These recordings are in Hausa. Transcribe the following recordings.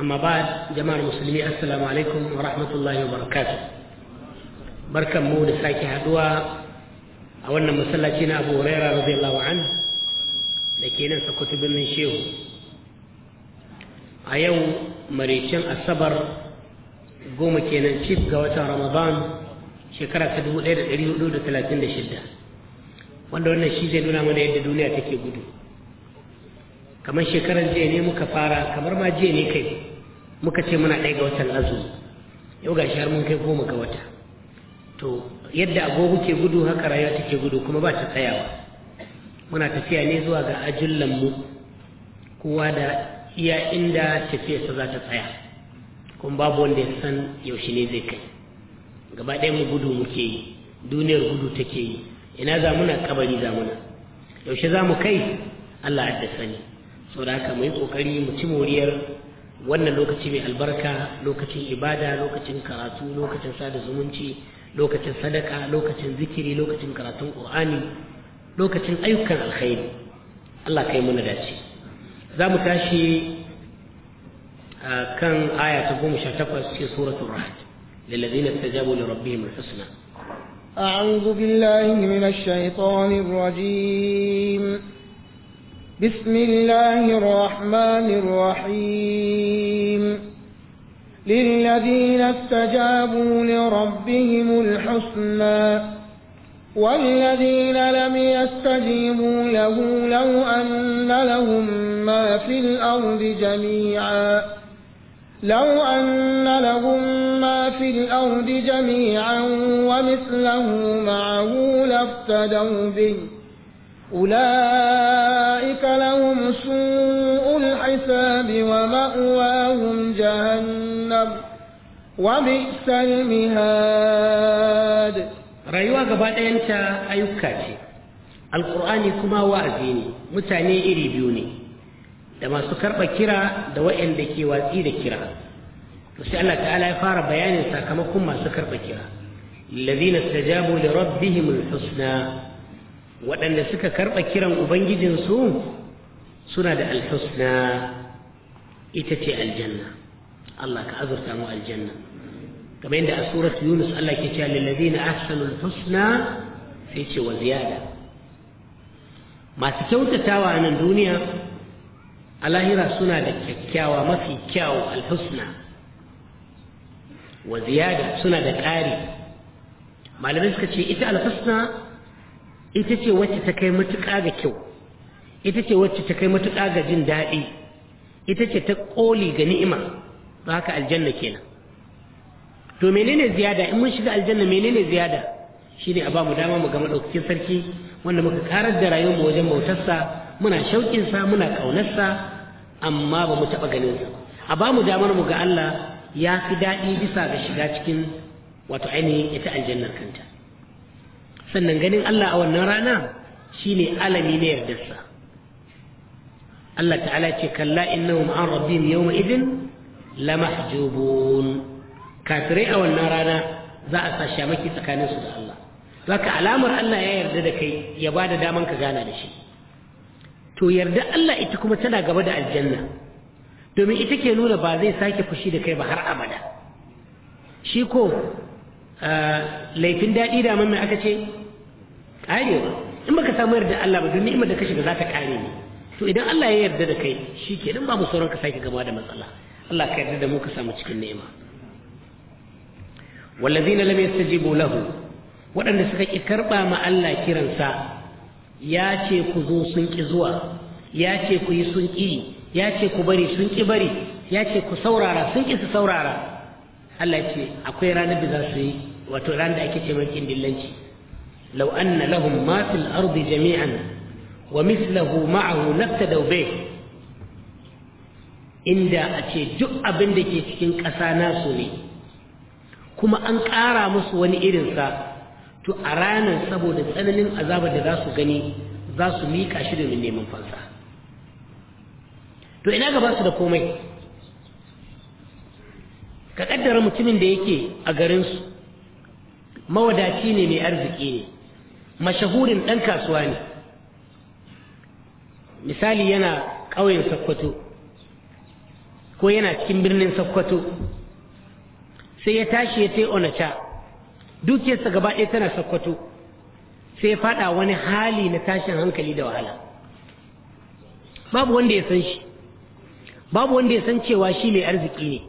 amma ba jama'ar musulmi assalamu alaikum wa rahmatullahi wa barakatu barkan mu da sake haduwa a wannan masallaci na abu huraira radiyallahu an da kenan nan sakkwato birnin shehu a yau maraicin asabar goma kenan cif ga watan ramadan shekara ta 1436 wanda wannan shi zai nuna mana yadda duniya take gudu kamar shekarar jiya ne muka fara kamar ma jiya ne kai muka ce muna ɗaya ga watan azumi yau ga shahar mun kai goma ga wata to yadda agogo ke gudu haka rayuwa take gudu kuma ba ta tsayawa muna tafiya ne zuwa ga ajullan mu kowa da iya inda tafiyarsa za ta tsaya kuma babu wanda ya san yaushe ne zai kai gaba ɗaya mu gudu muke yi duniyar gudu take yi ina za muna kabari za muna yaushe za mu kai allah ya da sani saboda haka mu yi ƙoƙari mu ci moriyar wannan lokaci mai albarka lokacin ibada lokacin karatu lokacin sada zumunci lokacin sadaka lokacin zikiri lokacin karatun qur'ani lokacin ayyukan alkhairi Allah kai muna dace za mu tashi kan aya ta goma sha takwas cikin suratul rahd للذين استجابوا لربهم الحسنى أعوذ بالله من الشيطان الرجيم بسم الله الرحمن الرحيم للذين استجابوا لربهم الحسنى والذين لم يستجيبوا له لو أن لهم ما في الأرض جميعا لو أن لهم ما في الأرض جميعا ومثله معه لافتدوا به أولئك لهم سوء الحساب ومأواهم جهنم وبئس المهاد رأيوا قبل أنت أيكاك القرآن كما وعزيني متاني إري بيوني لما سكر بكرا دوائن بكي وزي ذكرا فسأل تعالى يفار بياني ساكمكم ما سكر بكرا الذين استجابوا لربهم الحسنى waɗanda suka karɓa kiran ubangijinsu suna da alhusna ita ce aljanna Allah ka azurta mu aljanna kamar yadda a surat yunus Allah ke cewa lillazina ahsanu alhusna sai ce wa ziyada masu kyautatawa a nan duniya a lahira suna da kyakkyawa mafi kyawu alhusna wa ziyada suna da ƙari malamai suka ce ita alhusna ita ce wacce ta kai matuƙa ga kyau ita ce wacce ta kai matuƙa ga jin daɗi ita ce ta ƙoli ga ni'ima ba haka aljanna kenan to menene ziyada in mun shiga aljanna menene ziyada shine a ba mu dama mu ga madaukakin sarki wanda muka karar da rayuwar mu wajen bautarsa muna shauƙin sa muna ƙaunarsa amma ba mu taɓa ganin sa a ba mu damar mu ga Allah ya fi daɗi bisa ga shiga cikin wato ainihin ita aljannar kanta sannan ganin Allah a wannan rana shine alami na yardarsa Allah ta'ala ce kalla innahum an rabbihim yawma idin mahjubun kafirai a wannan rana za a sa shamaki tsakaninsu da Allah zaka alamar Allah ya yarda da kai ya ba da daman ka gana da shi to yarda Allah ita kuma tana gaba da aljanna domin ita ke nuna ba zai sake fushi da kai ba har abada shi ko eh, laifin daɗi da mai aka ce karewa in baka samu yarda Allah ba duk ni'imar da ka shiga za ta kare ne to idan Allah ya yarda da kai shikenan babu sauran ka sake gaba da matsala Allah ka yarda da mu ka samu cikin ni'ima wallazina lam yastajibu lahu waɗanda suka ki karba ma Allah kiransa ya ce ku zo sun ki zuwa ya ce ku yi sun ki ya ce ku bari sun ki bari ya ce ku saurara sun ki su saurara Allah ce akwai ranar da za su yi wato ranar da ake ce mai ƙin dillanci لو أن لهم ما في الأرض جميعا ومثله معه لافتدوا به inda a ce duk abin da ke cikin ƙasa nasu ne kuma an ƙara musu wani irinsa to a ranar saboda tsananin azabar da za su gani za su miƙa shi domin neman fansa to ina gaba su da komai ka ƙaddara mutumin da yake a garinsu mawadaci ne mai arziki ne mashahurin ɗan kasuwa ne misali yana ƙauyen sakkwato ko yana cikin birnin sakkwato sai ya tashi ya tai onacha dukiyarsa gaba ɗaya tana sakkwato sai ya faɗa wani hali na tashin hankali da wahala babu wanda ya san shi babu wanda ya san cewa shi mai arziki ne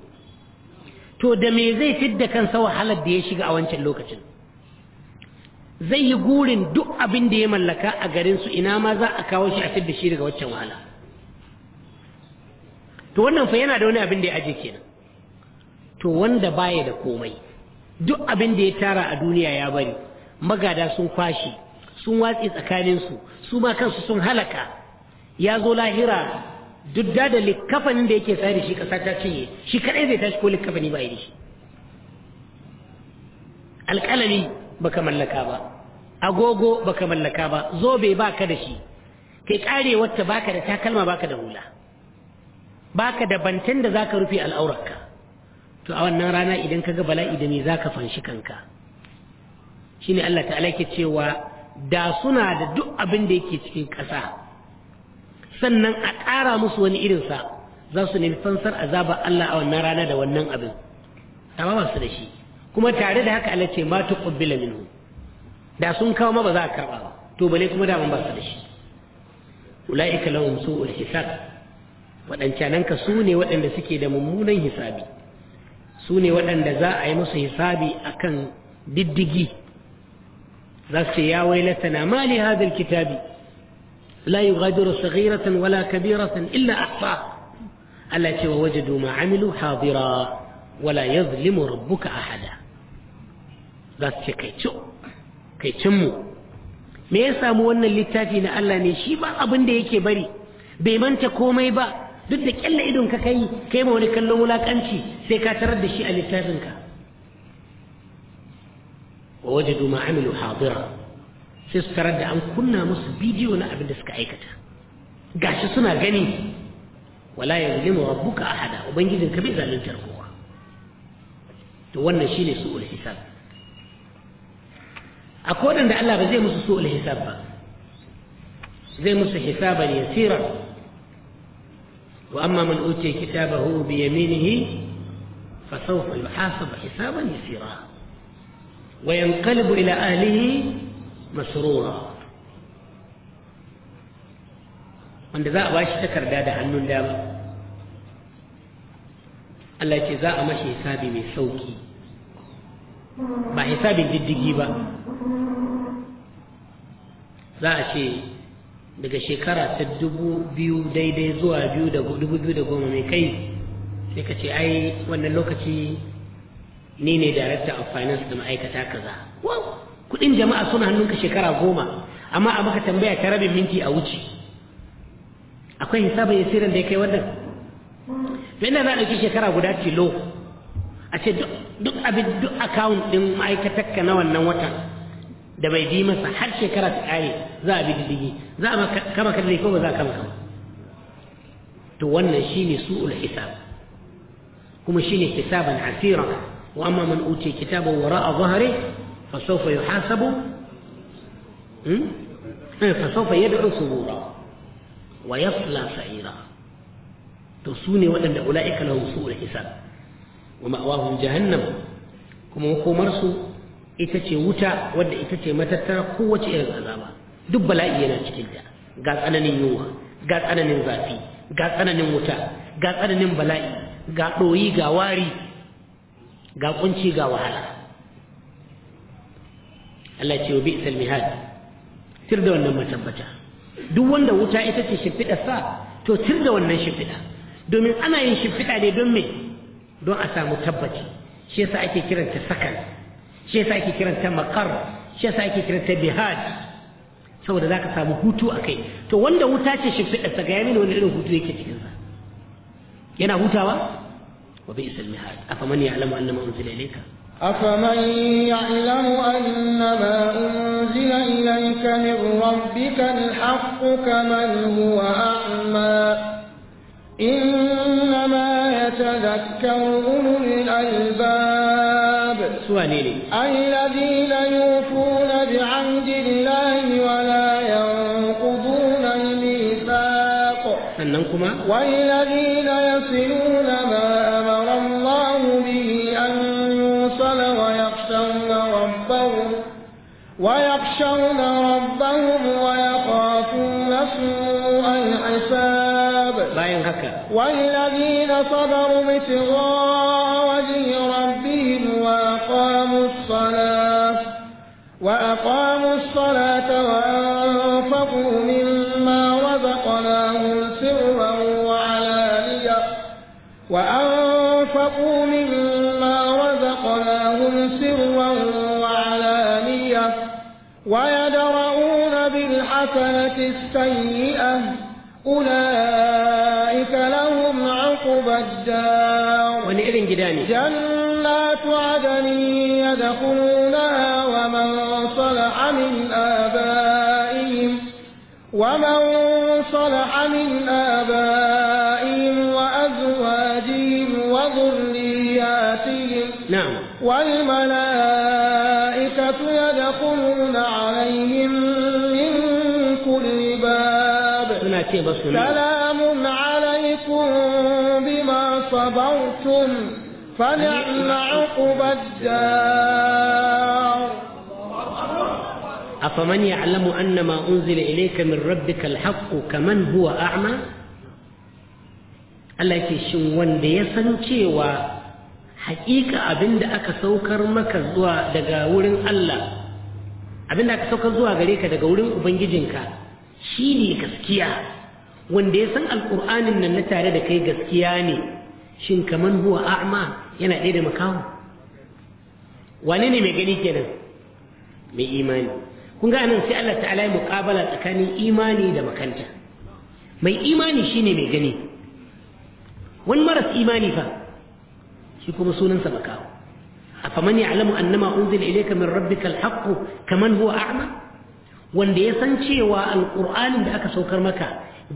to da me zai fidda kansa wahalar da ya shiga a wancan lokacin zai yi gurin duk abin da ya mallaka a garinsu ina ma za a kawo shi a da shi daga waccan wahala to wannan fa yana da wani abin da ya aje kenan to wanda baya da komai duk abin da ya tara a duniya ya bari magada sun kwashi sun watsi tsakaninsu su ma kansu sun halaka ya zo lahira duk da likkafanin da yake tsari da shi kasa ta cinye shi kaɗai zai tashi ko likkafani ba yi da shi alƙalami baka mallaka ba agogo baka mallaka ba zobe baka da shi kai kare wacce baka da takalma baka da hula baka da bantan da zaka rufe al'aurarka to a wannan rana idan kaga bala'i da me zaka fanshi kanka shine Allah ta'ala ke cewa da suna da duk abin da yake cikin ƙasa sannan a ƙara musu wani irinsa za su nemi fansar azabar Allah a wannan rana da wannan abin amma ba su da shi kuma tare da haka Allah ce ma tuqbila minhum da sun kawo ma ba za a karba ba to bale kuma da ban ba su da shi ulaika lahum su'ul hisab wadancanan su ne waɗanda suke da mummunan hisabi su ne waɗanda za a yi musu hisabi akan diddigi za su ce ya wailatana ma li hadha alkitabi la yughadiru saghiratan wala kabiratan illa ahsaha Allah ce wa wajadu ma amilu hadira wala yazlimu rabbuka ahada za su ce kai kai cinmu me ya samu wannan littafi na Allah ne shi ba abin da yake bari bai manta komai ba duk da kyalla idon ka kai kai ma wani kallon wulakanci sai ka tarar da shi a littafinka wa wajadu ma amilu hadira sai su tarar da an kunna musu bidiyo na abin da suka aikata gashi suna gani wala yuzlimu rabbuka ahada ubangijinka bai zaluntar kowa to wannan shine su'ul hisab akwai da Allah ba zai musu su'ul alhisab ba zai musu hisaban yasira wa amma man uti kitabahu bi yaminihi fa sawfa yuhasab hisaban yasira wa yanqalibu ila ahlihi masrura wanda za a bashi takarda da hannun dama Allah ce za a mashi hisabi mai sauki ba hisabin diddigi ba za a ce daga shekara ta dubu biyu daidai zuwa biyu da dubu biyu da goma mai kai sai ka ce ai wannan lokaci ni ne director of finance da ma'aikata kaza kudin jama'a suna hannunka shekara goma amma a maka tambaya ta rabin minti a wuce akwai hisabin yasirin da ya kai wannan yana za a ɗauki shekara guda tilo a ce duk abin duk account ɗin ma'aikatar ka na wannan watan da bai bi masa har shekara ta ƙare za a bi diddigi za a kama kadari ko ba za a kama kama to wannan shine su'ul hisab kuma shine hisaban asira wa amma man utiya kitabahu wara'a dhahri fa sawfa yuhasabu fa sawfa yad'u subura wa yasla sa'ira to sune waɗanda ula'ika lahum su'ul hisab wa ma'awahum jahannam kuma makomarsu ita ce wuta wadda ita ce matattara kowace irin azaba duk bala'i yana cikin ta ga tsananin yunwa ga tsananin zafi ga tsananin wuta ga tsananin bala'i ga ɗoyi ga wari ga kunci ga wahala Allah ce wa bi'sal mihad tir da wannan matabbata duk wanda wuta ita ce shimfiɗa sa to tir da wannan shimfiɗa domin ana yin shimfiɗa ne don me don a samu tabbaci shi yasa ake kiranta sakan shi yasa ake kiranta makar shi yasa ake kiranta bihad saboda zaka samu hutu akai to wanda wuta ce shi fiɗa ta gaya mini wani irin hutu yake cikin sa yana hutawa wa bi isal mihad afa man ya'lamu annama unzila ilayka afa man ya'lamu annama unzila ilayka min rabbika الحق كمن هو أعمى إنما يتذكر أولو الألباب سواليلي الذين يوفون بعهد الله ولا ينقضون الميثاق سننكما والذين يصلون ما أمر الله به أن يوصل ويخشون ربهم ويخشون ربهم ويخافون سوء الحساب لا والذين صبروا بتغاض وأقاموا الصلاة وأنفقوا مما رزقناهم سرا وعلانية وأنفقوا مما رزقناهم سرا وعلانية ويدرؤون بالحسنة السيئة أولئك لهم عقبى الدار جنات عدن يدخلونها ومن صلح من آبائهم وأزواجهم وذرياتهم نعم والملائكة يدخلون عليهم من كل باب سلام عليكم بما صبرتم فنعم عقب الدار أفمن يعلم أن ما أنزل إليك من ربك الحق كمن هو أعمى Allah ke shin wanda ya san cewa hakika abinda aka saukar maka zuwa daga wurin Allah abinda aka saukar zuwa gareka daga wurin ubangijinka shine gaskiya wanda ya san alkur'anin nan na tare da kai gaskiya ne shin kaman huwa a'ma yana ɗaya da makaho wane ne mai gani kenan mai imani kun ga anan sai Allah ta'ala ya muƙabala tsakanin imani da makanta mai imani shine mai gani wani maras imani fa shi kuma sunansa makawo afaman ya'lamu annama unzila ilayka min rabbika alhaq kaman huwa a'ma wanda ya san cewa alqur'anin da aka saukar maka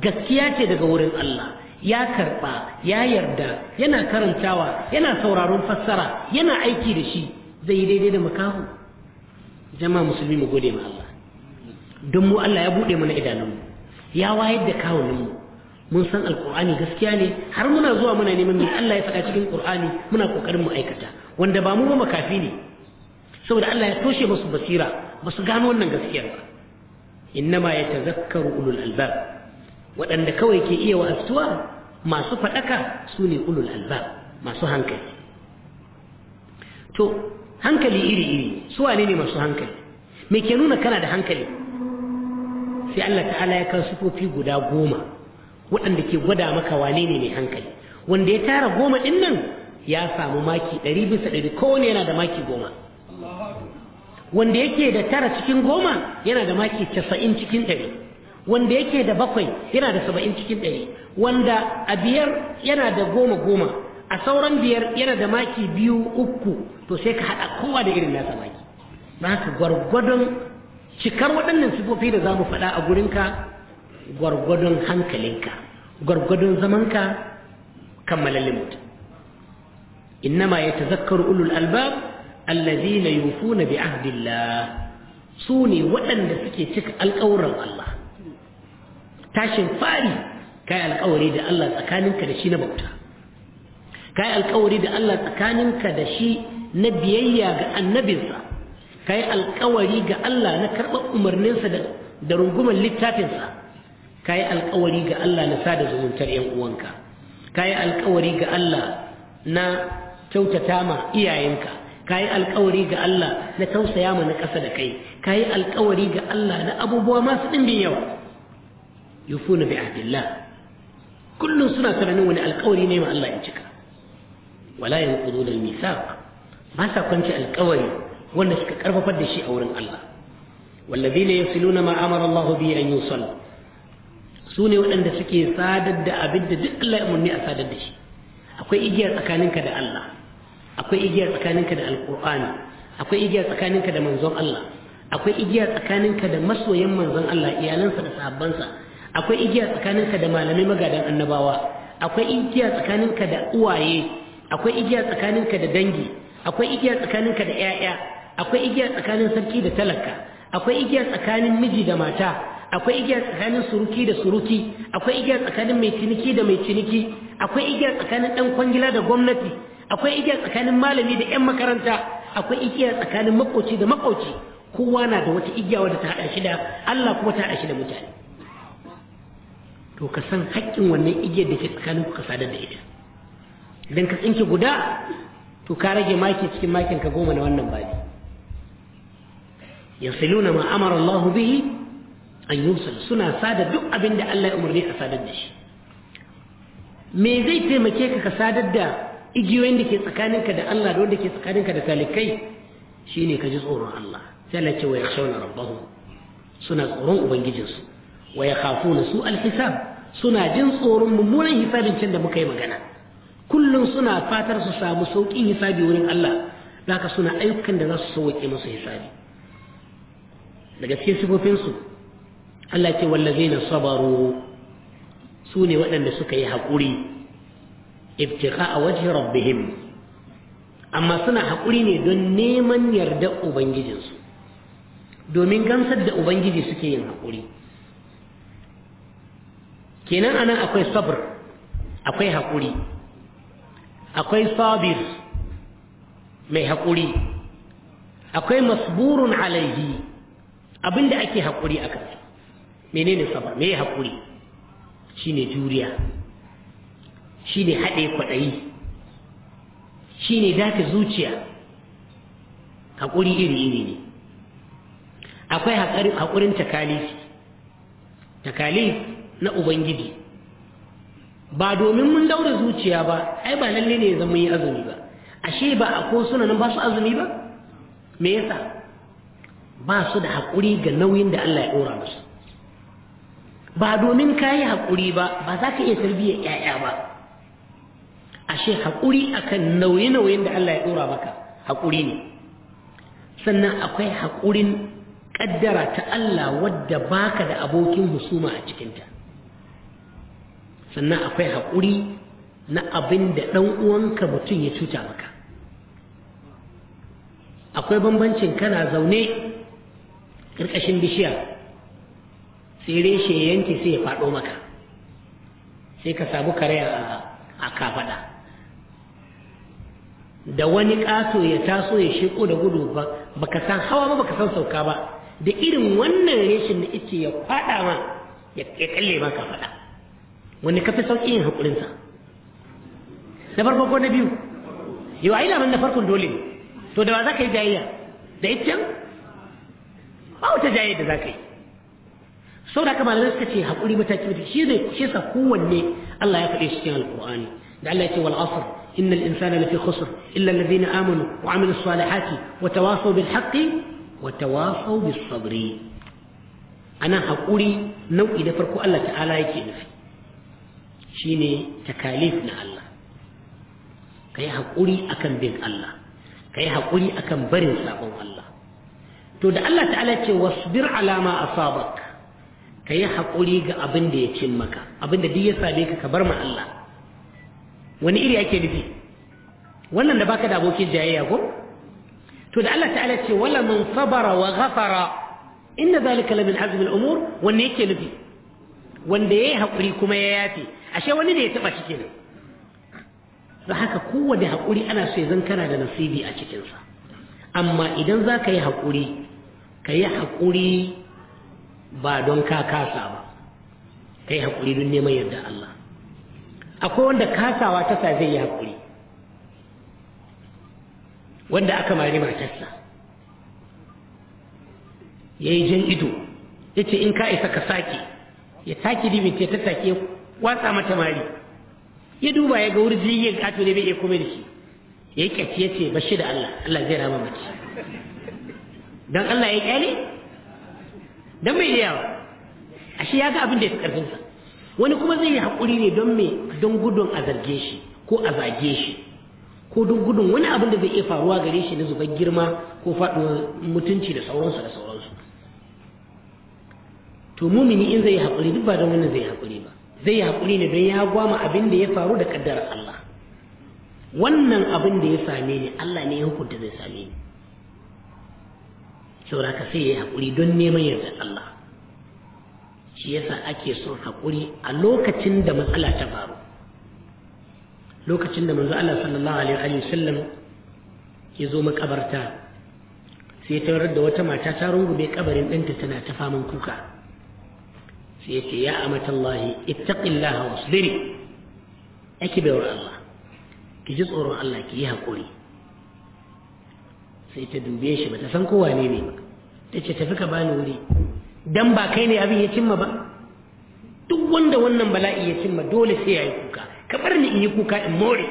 gaskiya ce daga wurin Allah ya karba ya yarda yana karantawa yana sauraron fassara yana aiki da shi zai daidai da makaho jama'a musulmi mu gode ma Allah don mu Allah ya buɗe mana idanunmu ya wayar da kawuninmu mun san alkur'ani gaskiya ne har muna zuwa muna neman mai Allah ya faɗa cikin qur'ani muna kokarin mu aikata wanda ba mu ba makafi ne saboda Allah ya toshe musu basira ba su gano wannan gaskiyar ba innama yatazakkaru ulul albab waɗanda kawai ke iya wa'azuwa masu faɗaka su ne ulul albab masu hankali to hankali iri iri su wane ne masu hankali me ke nuna kana da hankali sai Allah ta'ala ya kawo sifofi guda goma waɗanda ke gwada maka wane ne mai hankali wanda ya tara goma ɗin nan ya samu maki ɗari bisa ɗari kowane yana da maki goma wanda yake da tara cikin goma yana da maki casa'in cikin ɗari wanda yake da bakwai yana da saba'in cikin ɗari wanda a biyar yana da goma goma a sauran biyar yana da maki biyu uku to sai ka haɗa kowa da irin nasa maki don haka gwargwadon cikar waɗannan sifofin da za mu faɗa a gurinka gwargwadon hankalinka gwargwadon zamanka kammalallin mutum innama ya tazakkar ulul albab allazina yufuna bi ahdillah su ne waɗanda suke cika alƙawuran Allah tashin fari kai alƙawari da Allah tsakaninka da shi na bauta kai alkawari da Allah tsakaninka da shi na biyayya ga annabinsa kai alkawari ga Allah na karɓar umarninsa da rungumar littafinsa kai alkawari ga Allah na sada zumuntar yan uwanka kai alkawari ga Allah na kyautata ma iyayenka kai alkawari ga Allah na tausaya ma na ƙasa da kai kai alkawari ga Allah na abubuwa masu ɗimbin yawa yufuna bi ahdillah kullum suna tunanin wani alkawari ne ma Allah ya cika wala yanquduna al-mithaq ba sa kwanci alƙawari wanda suka karfafar da shi a wurin Allah wallazina yasiluna ma amara Allah bi an yusal su ne waɗanda suke sadar da abin da duk Allah ya umarni a sadar da shi akwai igiyar tsakaninka da Allah akwai igiyar tsakaninka da alƙur'ani akwai igiyar tsakaninka da manzon Allah akwai igiyar tsakaninka da masoyan manzon Allah iyalansa da sahabbansa akwai igiyar tsakaninka da malamai magadan annabawa akwai igiya tsakaninka da uwaye akwai igiya tsakaninka da dangi akwai igiya tsakaninka da 'ya'ya akwai igiya tsakanin sarki da talaka akwai igiya tsakanin miji da mata akwai igiya tsakanin suruki da suruki akwai igiya tsakanin mai ciniki da mai ciniki akwai igiya tsakanin ɗan kwangila da gwamnati akwai igiya tsakanin malami da 'yan makaranta akwai igiya tsakanin makoci da makoci kowa na da wata igiya wadda ta haɗa shi da Allah kuma ta haɗa shi da mutane to ka san haƙƙin wannan igiyar da ke tsakaninku ka sadar da ita idan ka tsinke guda to ka rage maki cikin makin ka goma na wannan babi yasiluna ma amara Allah bihi an yusul suna sada duk abin da Allah ya umarni a sadar da shi me zai taimake ka ka sadar da igiyoyin da ke tsakaninka da Allah da wanda ke tsakaninka da talikai shine ka ji tsoron Allah sai Allah ce wa yakhshawna rabbahum suna tsoron ubangijinsu wa yakhafuna su alhisab suna jin tsoron mummunan hisabin can da muka yi magana kullum suna fatar su samu sauƙin hisabi wurin Allah zaka suna ayyukan da za su sauƙe musu hisabi daga cikin sifofinsu Allah ce na sabaru su ne waɗanda suka yi haƙuri ibtiqa wajen rabbihim amma suna haƙuri ne don neman yarda ubangijinsu domin gamsar da ubangiji suke yin haƙuri kenan anan akwai sabr akwai haƙuri akwai sabir mai haƙuri akwai masburun alaihi abinda ake haƙuri a kansa menene sabar me haƙuri shine juriya shine haɗe kwaɗayi shine dace zuciya haƙuri iri-iri ne akwai haƙurin takalif takalif na ubangiji ba domin mun daura zuciya ba ai ba lalle ne zama yi azumi ba ashe ba a ko suna nan ba su azumi ba me yasa ba su da haƙuri ga nauyin da Allah ya ɗora musu ba domin ka yi haƙuri ba ba za ka iya tarbiya 'ya'ya ba ashe haƙuri akan nauye-nauyen da Allah ya ɗora maka haƙuri ne sannan akwai haƙurin ƙaddara ta Allah wadda baka da abokin husuma a cikinta sannan akwai haƙuri na abin da ɗan uwanka mutum ya cuta maka akwai bambancin kana zaune ƙarƙashin bishiya tsere shi yanke sai ya faɗo maka sai ka sabu kare a kafaɗa da wani ƙato ya taso ya shiko da gudu ba ka san hawa ba ka san sauka ba da irin wannan reshin na ita ya faɗa ma ya kalle ma kafaɗa wani kafi sauƙi yin haƙurinsa na farko ko na biyu yau ai laman na farkon dole ne to da ba za ka yi jayayya da iccen ba wata jayayya da za ka yi saboda haka malamai suka ce haƙuri mataki mataki shi zai shi sa kowanne Allah ya faɗe shi cikin alƙur'ani da Allah ya ce wal asr innal insana lafi khusr illa alladhina amanu wa amilus salihati wa tawasaw bil haqqi wa tawasaw bis sabri anan haƙuri nau'i na farko Allah ta'ala yake nufi shine takalif na Allah kai haƙuri akan bin Allah kai haƙuri akan barin sabon Allah to da Allah ta'ala ce wasbir ala ma asabak kai haƙuri ga abin da ya cin maka abin da duk ya same ka ka bar ma Allah wani iri ake nufi wannan da baka da abokin jayayya ko to da Allah ta'ala ce wala man sabara wa ghafara inna zalika la min azmi al-umur wanne yake nufi wanda yayi haƙuri kuma ya yafe ashe wani ne ya taba shi kenan don haka kowane hakuri ana so ya zan kana da nasibi a cikinsa amma idan za ka yi haƙuri ka yi haƙuri ba don ka kasa ba ka yi haƙuri don neman yarda Allah akwai wanda kasawa ta sa zai yi haƙuri wanda aka mari matarsa ya yi jan ido ya ce in ka isa ka sake ya take dibin ta ta take watsa mata mari ya duba ya ga wuri ya gato ne bai iya komai da shi ya kyaci ya ce bashi da Allah Allah zai rama mace Don Allah ya kyale Don bai iya a ashe ya ga abin da ya fi ƙarfinsa? wani kuma zai yi hakuri ne don me don gudun a zarge shi ko a zage shi ko don gudun wani abin da zai iya faruwa gare shi na zubar girma ko faɗuwar mutunci da sauransu da sauransu to mumini in zai haƙuri duk ba don wannan zai haƙuri ba zai haƙuri ne don ya gwama abin da ya faru da kaddara Allah wannan abin da ya same ni Allah ne ya hukunta zai same ni saboda ka sai ya yi haƙuri don neman yarda Allah shi yasa ake son haƙuri a lokacin da matsala ta faru lokacin da manzo Allah sallallahu alaihi wa sallam ya zo makabarta sai ta da wata mata ta rungume kabarin ɗinta tana ta faman kuka sai ce ya amatallahi ittaqillaha wasbiri ake bayar Allah ki ji tsoron Allah ki yi haƙuri sai ta dube shi ba ta san kowa ne ne ta ce tafi ka bani wuri dan ba kai ne abin ya cimma ba duk wanda wannan bala'i ya cimma dole sai ya yi kuka ka bar ni in yi kuka in more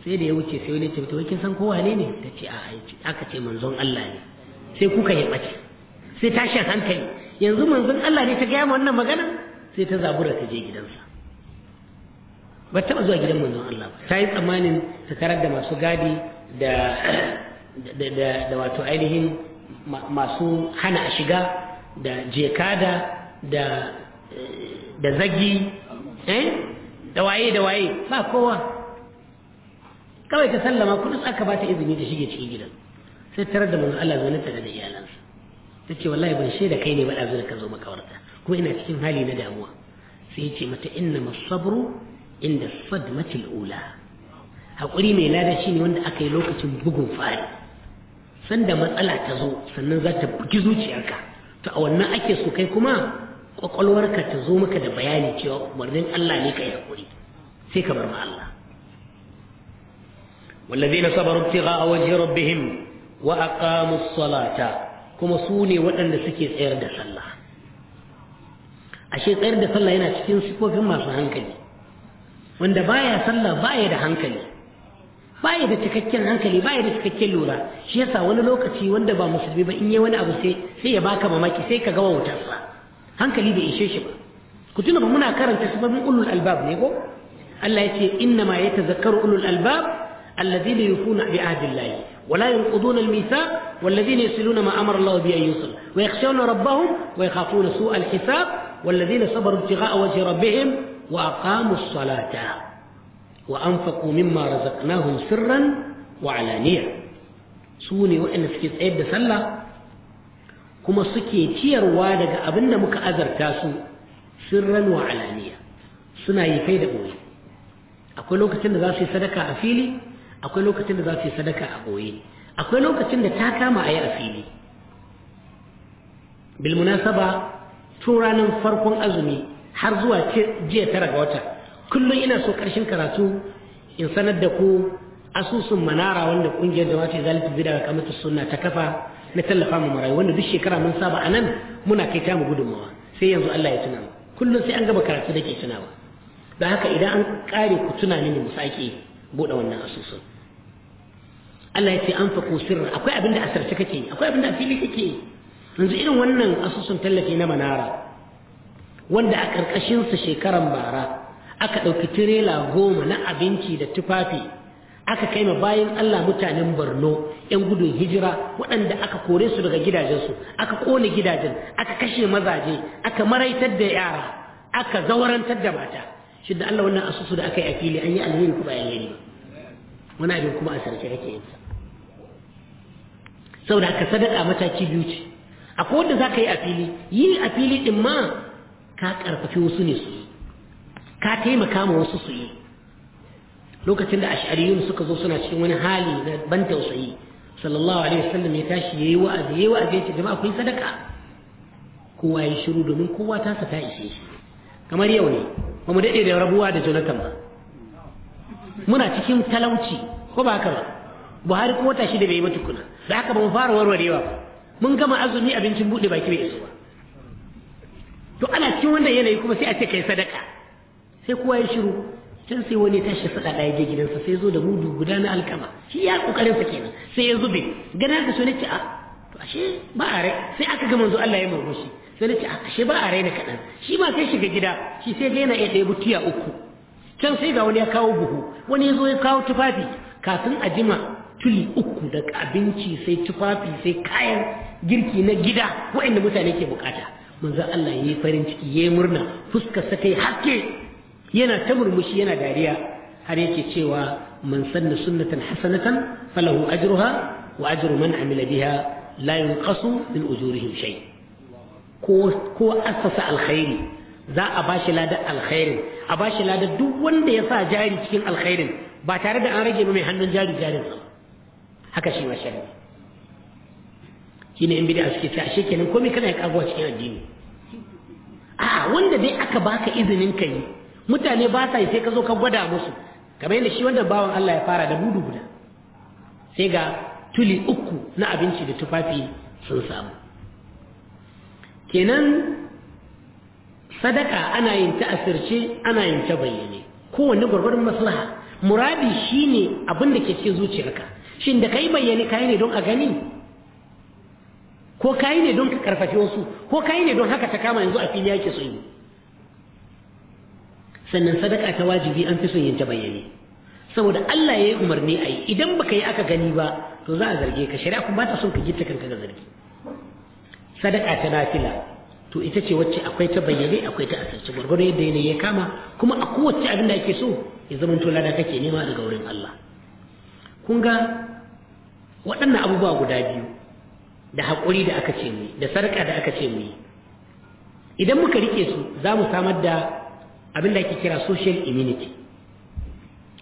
sai da ya wuce sai wani tafi kin san kowa ne ne ta ce a aka ce manzon Allah ne sai kuka ya bace sai tashin hankali yanzu manzon Allah ne ta gaya wannan magana sai ta zabura ta je gidansa ba taɓa zuwa gidan manzon Allah ba ta yi tsammanin ta karar da masu gadi da da wato ainihin masu hana a shiga da jekada da da zagi eh da waye da waye ba kowa kawai ta sallama kudin aka ba ta izini da shige cikin gidan sai tarar da manzon Allah zaune ta da iyalansa ta ce wallahi ban shaida kai ne ba ɗazu da ka zo makawarta kuma ina cikin hali na damuwa sai ya ce mata inna masabru inda sadmatil ula haƙuri mai lada shi ne wanda aka yi lokacin bugun fari sanda matsala ta zo sannan za ta bugi zuciyarka to a wannan ake so kai kuma ƙwaƙwalwarka ta zo maka da bayani cewa umarnin Allah ne ka yi haƙuri sai ka bar ma Allah والذين صبروا ابتغاء وجه ربهم وأقاموا الصلاة kuma su ne waɗanda suke tsayar da sallah ashe tsayar da sallah yana cikin sifofin masu hankali wanda baya sallah baya da hankali baya da cikakken hankali baya da cikakken lura shi yasa wani lokaci wanda ba musulmi ba in yi wani abu sai sai ya baka mamaki sai ka ga sa, hankali bai ishe shi ba ku tuna ba muna karanta sifofin ulul albab ne ko Allah ya ce inna ma yatazakkaru ulul albab alladhina yufuna bi ahdillahi ولا ينقضون الميثاق والذين يصلون ما أمر الله به أن يصل ويخشون ربهم ويخافون سوء الحساب والذين صبروا ابتغاء وجه ربهم وأقاموا الصلاة وأنفقوا مما رزقناهم سرا وعلانية سوني وإن سكيت عيد سلة كما سكي تير وادق أبن مكأذر تاسو سرا وعلانية سنا يفيد أولي أقول لك تن ذا صدقة أفيلي akwai lokacin da za su yi sadaka a ɓoye akwai lokacin da ta kama a yi a fili bilmunasaba tun ranar farkon azumi har zuwa jiya tara ga wata kullum ina so ƙarshen karatu in sanar da ku asusun manara wanda ƙungiyar da wata zalita zira ga kamata suna ta kafa na tallafa mu marayu wanda duk shekara mun saba a nan muna kai tamu gudunmawa sai yanzu Allah ya tuna kullum sai an gaba karatu da ke tunawa don haka idan an kare ku tuna ne mu sake buɗe wannan asusun Allah ya ce an fako sirra akwai abin da asarce kake akwai abin da fili kake yanzu irin wannan asusun tallafi na manara wanda a ƙarƙashinsa shekaran bara aka ɗauki tirela goma na abinci da tufafi aka kai ma bayan Allah mutanen Borno 'yan gudun hijira waɗanda aka kore su daga gidajensu aka kone gidajen aka kashe mazaje aka maraitar da yara aka zawarantar da mata shi da Allah wannan asusu da aka yi a fili an yi alheri kuma alheri wani abin kuma a sarki yinsa saboda haka sadaka mataki biyu ce akwai wanda za ka yi a fili yi a fili ɗin ma ka ƙarfafi wasu ne su ka taimaka ma wasu su yi lokacin da ash'ariyun suka zo suna cikin wani hali na ban tausayi sallallahu alaihi wasallam ya tashi yayi wa'azi yayi wa'azi ce jama'a kun sadaka kowa ya shiru domin kowa ta sa ta ishe shi kamar yau ne ba mu daɗe da rabuwa da Jonathan ba muna cikin talauci ko ba haka ba buhari ko wata shida bai yi ba tukuna da haka ba mu fara warwarewa ba mun gama azumi abincin buɗe baki bai isa ba to ana cikin wanda yanayi kuma sai a ce kai sadaka sai kowa ya shiru tun sai wani tashi sada ya je gidansa sai zo da mudu guda na alkama shi ya kokarin sa kenan sai ya zube gana ka so nace a to ashe ba a rai sai aka ga manzo Allah ya murmushi sai nace a ashe ba a rai na kadan shi ma sai shiga gida shi sai ga yana ɗaya butiya uku can sai ga wani ya kawo buhu wani ya zo ya kawo tufafi kafin a jima tuli uku da abinci sai tufafi sai kayan girki na gida waɗanda mutane ke bukata manzo Allah yayi farin ciki yayi murna fuskar sa kai hakke yana ta murmushi yana dariya har yake cewa man sanna sunnatan hasanatan falahu ajruha wa ajru man amila biha la yunqasu min ujurihim shay ko ko asasa alkhairi za a bashi ladan alkhairin a bashi ladan duk wanda ya sa jari cikin alkhairin ba tare da an rage mai hannun jari jarin sa haka shi ma sharri shine in bid'a suke ashe kenan komai kana ya kago cikin addini a wanda dai aka baka izinin ka yi mutane ba sa yi sai ka zo ka gwada musu kamar yadda shi wanda bawan Allah ya fara da budu guda sai ga tuli uku na abinci da tufafi sun samu kenan sadaka ana yin ta ana yin ta bayyane kowanne gwargwadon maslaha muradi shine abin da ke cikin zuciyarka shin da kai bayyane kayi ne don a gani ko kayi ne don ka karfafi wasu ko kayi ne don haka ta kama yanzu a fili yake son yi sannan sadaka ta wajibi an fi son yin ta bayyane saboda Allah ya yi umarni a yi idan baka yi aka gani ba to za a zarge ka shari'a kuma ba ta son ka gita kanka ga zargi sadaka ta nafila to ita ce wacce akwai ta bayyane akwai ta asirce gwargwado yadda yanayi ya kama kuma a kowace abin da ake so ya zama to lada kake nema daga wurin Allah kun ga waɗannan abubuwa guda biyu da haƙuri da aka ce mu da sarƙa da aka ce mu idan muka rike su za mu samar da abin da ake kira social immunity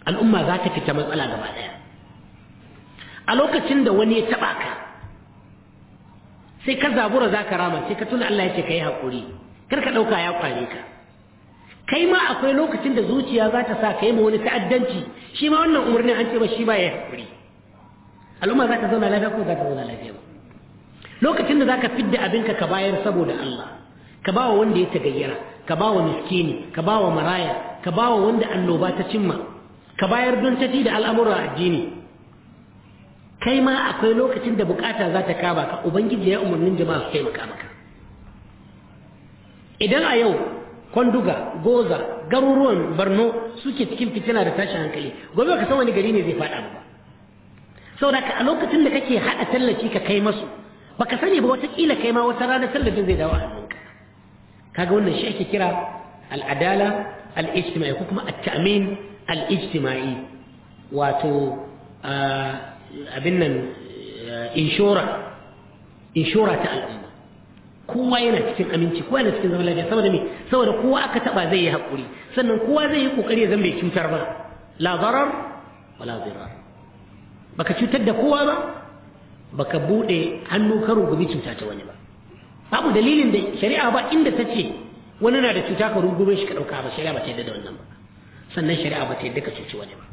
al'umma za ta fita matsala gaba ɗaya a lokacin da wani ya taɓa ka sai ka zabura za ka rama sai ka tuna Allah ya ce ka yi haƙuri kar ka ɗauka ya ƙware ka kai ma akwai lokacin da zuciya za ta sa ka yi ma wani ta'addanci shi ma wannan umarnin an ce ba shi ba ya haƙuri al'umma za ta zauna lafiya ko za ta zauna lafiya ba lokacin da za ka fidda abinka ka bayar saboda Allah ka bawa wanda ya tagayyara ka bawa miskini ka bawa maraya ka bawa wanda annoba ta cimma ka bayar don tati da al'amura addini kai ma akwai lokacin da bukata za ta kaba ka ubangiji ya umarnin jama'a su taimaka maka idan a yau kwanduga goza garuruwan barno suke cikin fitina da tashin hankali gobe ka san wani gari ne zai faɗa ba saboda a lokacin da kake haɗa tallafi ka kai masu ka sani ba watakila kai ma wata rana tallafin zai dawo a hannunka kaga wannan shi ake kira al'adala al'ijtima'i ko kuma at-ta'min al'ijtima'i wato abin nan inshora inshora ta al'umma kowa yana cikin aminci kowa yana cikin zaman lafiya saboda me saboda kowa aka taba zai yi hakuri sannan kowa zai yi kokari ya zama bai cutar ba la darar wala dirar baka cutar da kowa ba baka bude hannu ka rungumi cuta ta wani ba babu dalilin da shari'a ba inda ta ce wani na da cuta ka rungume shi ka dauka ba shari'a ba ta yadda da wannan ba sannan shari'a ba ta yadda ka cuci wani ba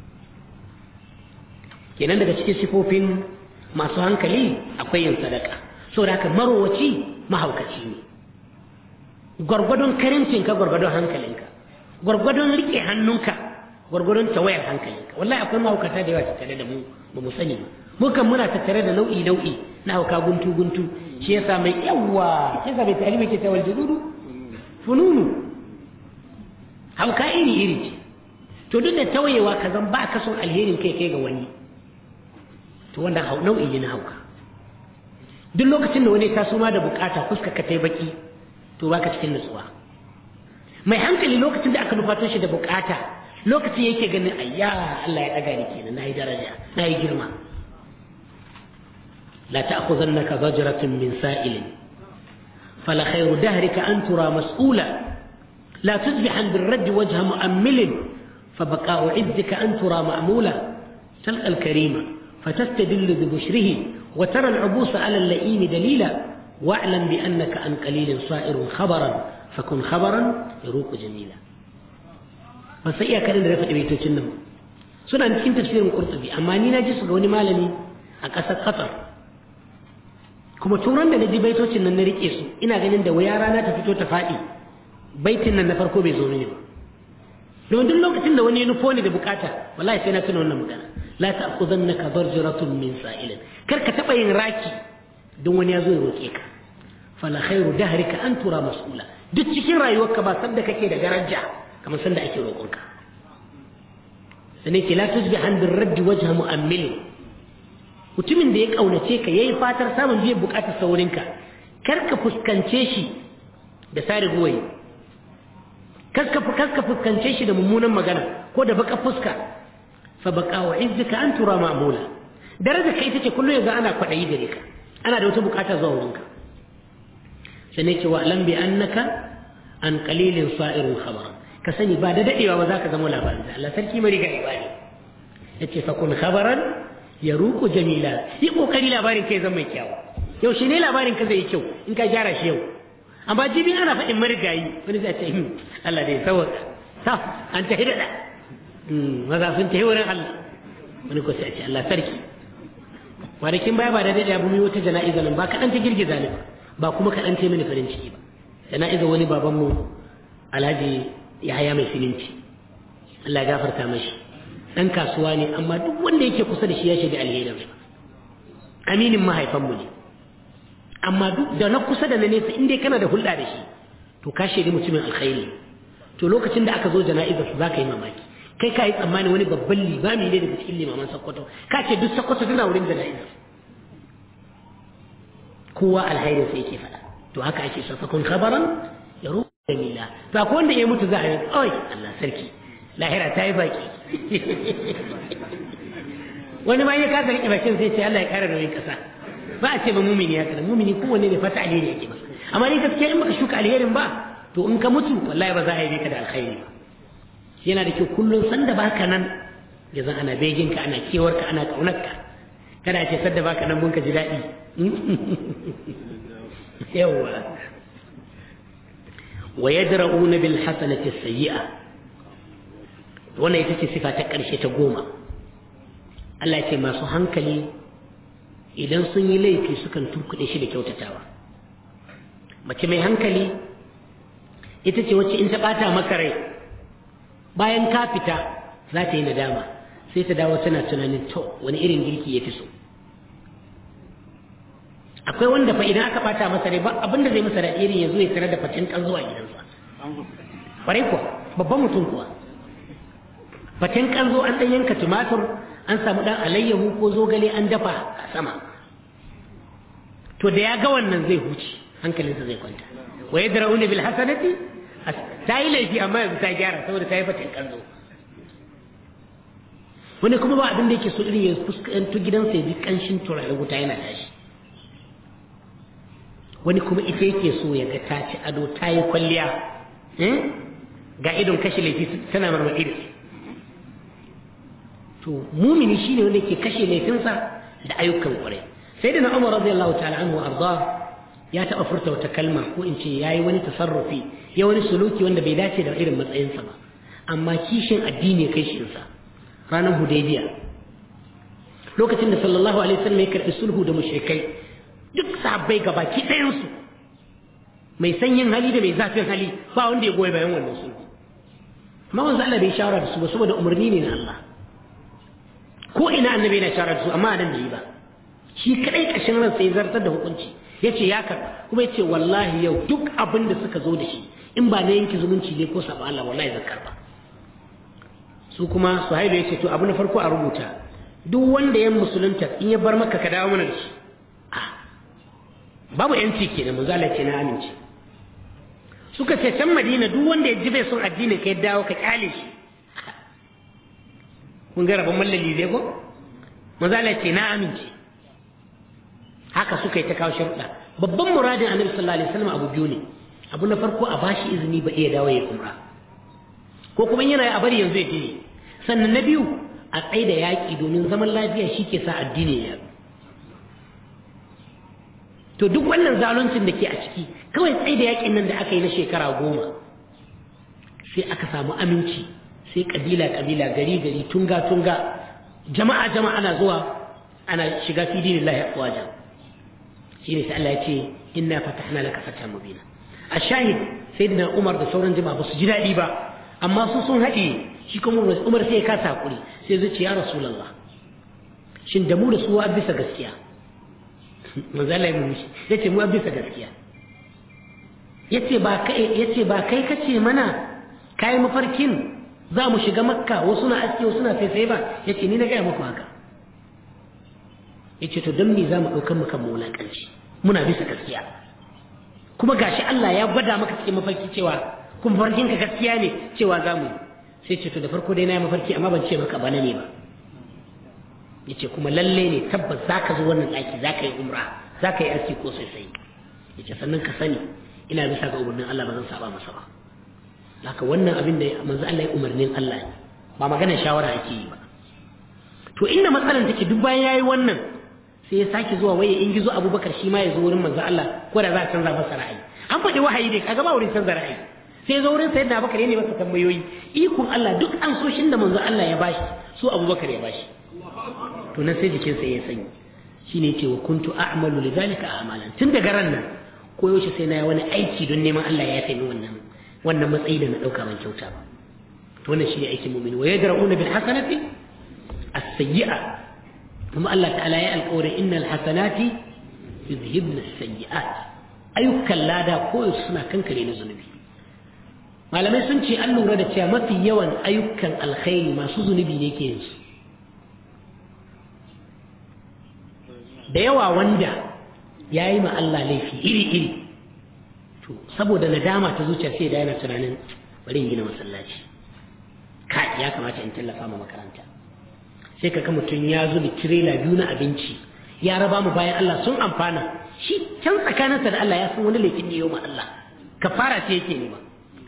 kenan daga cikin sifofin masu hankali akwai yin sadaka saboda haka marowaci mahaukaci ne gwargwadon karimcinka gwargwadon hankalinka gwargwadon rike hannunka gwargwaron tawayar hankali wallahi akwai mahaukata da yawa tattare da mu ba mu sani ba kan muna tattare da nau'i nau'i na hauka guntu guntu shi yasa mai yawa shi yasa mai talibi ke tawal jududu fununu hauka iri iri ce to duk da tawayewa ka zan ba ka son alherin kai kai ga wani to wanda nau'i ne na hauka duk lokacin da wani ta suma da bukata fuska ka tai baki to baka cikin nutsuwa mai hankali lokacin da aka nufatar shi da bukata lokacin yake ganin ayya Allah ya daga ni kenan nayi daraja nayi girma la ta'khudhannaka zajratun min sa'ilin fala khayru dahrika an tura mas'ula لا تذبحا بالرد وجه مؤمل فبقاء عزك أن ترى مأمولا تلقى الكريم فتستدل ببشره وترى العبوس على اللئيم دليلا واعلم بأنك عن قليل صائر خبرا فكن خبرا يروق جميلا ban san iya kaɗan da na faɗi baitocin nan suna cikin tafsirin qurtubi amma ni na ji su ga wani malami a ƙasar qatar kuma turan da na ji baitocin nan na rike su ina ganin da waya rana ta fito ta faɗi baitin nan na farko bai zo mini ba don duk lokacin da wani nufo ni da bukata wallahi sai na tuna wannan magana la ta'khudannaka barjaratun min sa'ilin kar ka taba yin raki don wani ya zo ya roƙe ka fala khairu dahrika an tura mas'ula duk cikin rayuwarka ba sanda kake da daraja kamar sanda ake roƙonka sannan ke latus tusbihan bin raddi wajen mu'ammilu mutumin da ya ƙaunace ka ya yi fatar samun biyan bukatar saurinka kar ka fuskance shi da sare ruwaye kar ka fuskance shi da mummunan magana ko da baka fuska fa baqa wa izzika an tura ma'mula daraja kai take kullu yaga ana kwaɗayi gare ka ana da wata bukata zuwa wurinka sai ne ce wa lambi annaka an qalilin sa'irun khabar ka sani ba da dadewa ba za ka zama labarin da Allah sarki mai ba ne. Ya ce kun khabaran ya ruku jamila yi kokari labarin kai zama mai kyawu yau shi ne labarin ka zai yi kyau in ka gyara shi yau amma jibin ana faɗin marigayi wani zai ce hmm, Allah dai sawa ta an ta hidda hmm, maza sun ta wurin Allah wani ko sai ce Allah sarki kwanakin baya ba da daɗe abu mai wata jana'iza nan ba kaɗan ta girgiza ne ba kuma kaɗan ta yi mini farin ciki ba jana'iza wani babanmu alhaji yaya mai siminti Allah gafarta mashi ɗan kasuwa ne amma duk wanda yake kusa da shi ya shiga alherinsa aminin mahaifanmu ne amma duk da na kusa da na nesa in dai kana da hulɗa da shi to ka shaidi mutumin alkhairi to lokacin da aka zo jana'izar za ka yi mamaki kai ka yi tsammani wani babban limami ne daga cikin limaman sakkwato ka ce duk sakkwato tana wurin jana'izar kowa alkhairin sai yake faɗa to haka ake son fakun khabaran ya jamila ba ko wanda ya mutu za a yi oi Allah sarki lahira ta yi baki wani ma ya kasa rike bakin sai ce Allah ya kara nauyin kasa ba a ce ba mumini ya kada mumini kowanne ne fata alheri yake ba amma ni gaskiya in baka shuka alherin ba to in ka mutu wallahi ba za a yi ka da alkhairi yana da kyau kullum sanda baka nan ya zan ana ka ana ka ana kaunarka kada a ce sanda baka nan mun ka ji daɗi yawwa wa yadra'una bil hasanati sayyi'a wannan ita ce sifa ta ƙarshe ta goma Allah ce masu hankali idan sun yi laifi sukan tukuɗe shi da kyautatawa mace mai hankali ita ce wacce in ta ɓata maka rai bayan ka fita za ta yi nadama sai ta dawo tana tunanin to wani irin girki ya fi so akwai wanda fa idan aka bata masa rai abin da zai masa daɗi irin ya zo ya tarar da fatin kan zuwa gidansa ƙwarai kuwa babban mutum kuwa fatin kan zo an ɗan yanka tumatur an samu ɗan alayyahu ko zogale an dafa a sama to da ya ga wannan zai huce hankalinsa zai kwanta wa wani bil hasanati ta yi laifi amma yanzu ta gyara saboda ta yi fatin kan zo wani kuma ba abin da yake so irin ya fuskantu gidansa ya ji kanshin turare wuta yana tashi wani kuma ita yake so ya ga ta ci ado ta yi kwalliya eh? ga idon kashe laifi tana marmari iri. to mumini ne wanda ke kashe laifinsa da ayyukan kwarai sai da na umar radiyallahu ta'ala anhu arda ya taɓa furta wata kalma ko in ce yayi wani tasarrufi ya wani suluki wanda bai dace da irin matsayinsa ba amma kishin addini kai shi ranar hudaybiya lokacin da sallallahu alaihi wasallam ya karɓi sulhu da mushrikai duk sabai ga baki ɗayansu mai sanyin hali da mai zafin hali ba wanda ya goyi bayan wannan sun amma wanzu Allah bai shawara da su ba saboda umarni ne na Allah ko ina annabi yana shawara da su amma nan yi ba shi kadai kashin ran sai zartar da hukunci yace ya karba kuma yace wallahi yau duk abin da suka zo da shi in ba na yanki zumunci ne ko saba Allah wallahi zan karba su kuma ya ce to abu na farko a rubuta duk wanda ya musulunta in ya bar maka ka dawo mana da shi babu yanci kenan manzo Allah ce na amince suka ce can Madina duk wanda ya ji bai son addinin ka yadda dawo ka kyale shi kun ga rabon mallali zai ko manzo Allah ce na amince haka suka yi ta kawo sharuɗa babban muradin annabi sallallahu alaihi wasallam abu biyu ne abu na farko a bashi izini ba iya dawo ya umra ko kuma yana a bari yanzu ya je sannan na biyu a tsaida yaƙi domin zaman lafiya shi ke sa addini ya yi. to duk wannan zaluncin da ke a ciki kawai sai da yakin nan da aka yi na shekara goma sai aka samu aminci sai kabila kabila gari gari tunga tunga jama'a jama'a ana zuwa ana shiga fi dinillahi afwaja shine sai Allah ya ce inna fatahna laka fatahan mubina a shahid sayyidina Umar da sauran jama'a ba su ji daɗi ba amma su sun haɗe shi kuma Umar sai ya kasa hakuri sai zai ce ya rasulullah shin da mu da suwa bisa gaskiya manzo Allah ya ce yace bisa gaskiya ce ba kai ka ce mana ka mana mafarkin za mu shiga makka wasu na aske wasu na faifai ba yace ni na gaya muku haka yace to don me za mu ɗaukan mu kan ƙarshe muna bisa gaskiya kuma gashi Allah ya gwada maka cikin mafarki cewa kuma farkinka gaskiya ne cewa za mu sai ce to da farko dai na yi mafarki amma ban ce maka ba ne ba yace kuma lalle ne tabbas za ka zo wannan daki ka yi umra za ka yi aski ko sosai yace sannan ka sani ina bisa ga umarnin Allah ba zan saba masa ba haka wannan abin da manzo Allah ya umarnin Allah ne ba maganar shawara ake yi ba to inda matsalar take duk bayan yayi wannan sai ya sake zuwa waye in gizo Abubakar shi ma ya zo wurin manzo Allah ko da za a canza masa ra'ayi an faɗi wahayi dai kaga ba wurin canza ra'ayi sai zo wurin sayyidina Abubakar ne masa tambayoyi ikon Allah duk an shin da manzo Allah ya bashi su Abubakar ya bashi to nan sai jikinsa ya sanyi shine ce wa kuntu a'malu lidhalika a'malan tun daga ran nan ko yaushe sai na yi wani aiki don neman Allah ya yafe min wannan wannan matsayi da na dauka man kyauta ba to wannan shine aikin mu'mini wa yadra'una bil hasanati as-sayyi'a kuma Allah ta'ala ya alƙawarin innal hasanati yuzhibna as-sayyi'at ayyukan lada ko suna kankare na zunubi malamai sun ce an lura da cewa mafi yawan ayyukan alkhairi masu zunubi ne ke yin su da yawa wanda ya yi ma Allah laifi iri-iri to saboda nadama ta zuciya sai da yana tunanin bari in gina masallaci ka ya kamata in tallafa ma makaranta sai ka mutum ya zo da tirela biyu na abinci ya raba mu bayan Allah sun amfana shi can tsakaninsa da Allah ya san wani laifin ne yau ma Allah kafara ce yake nema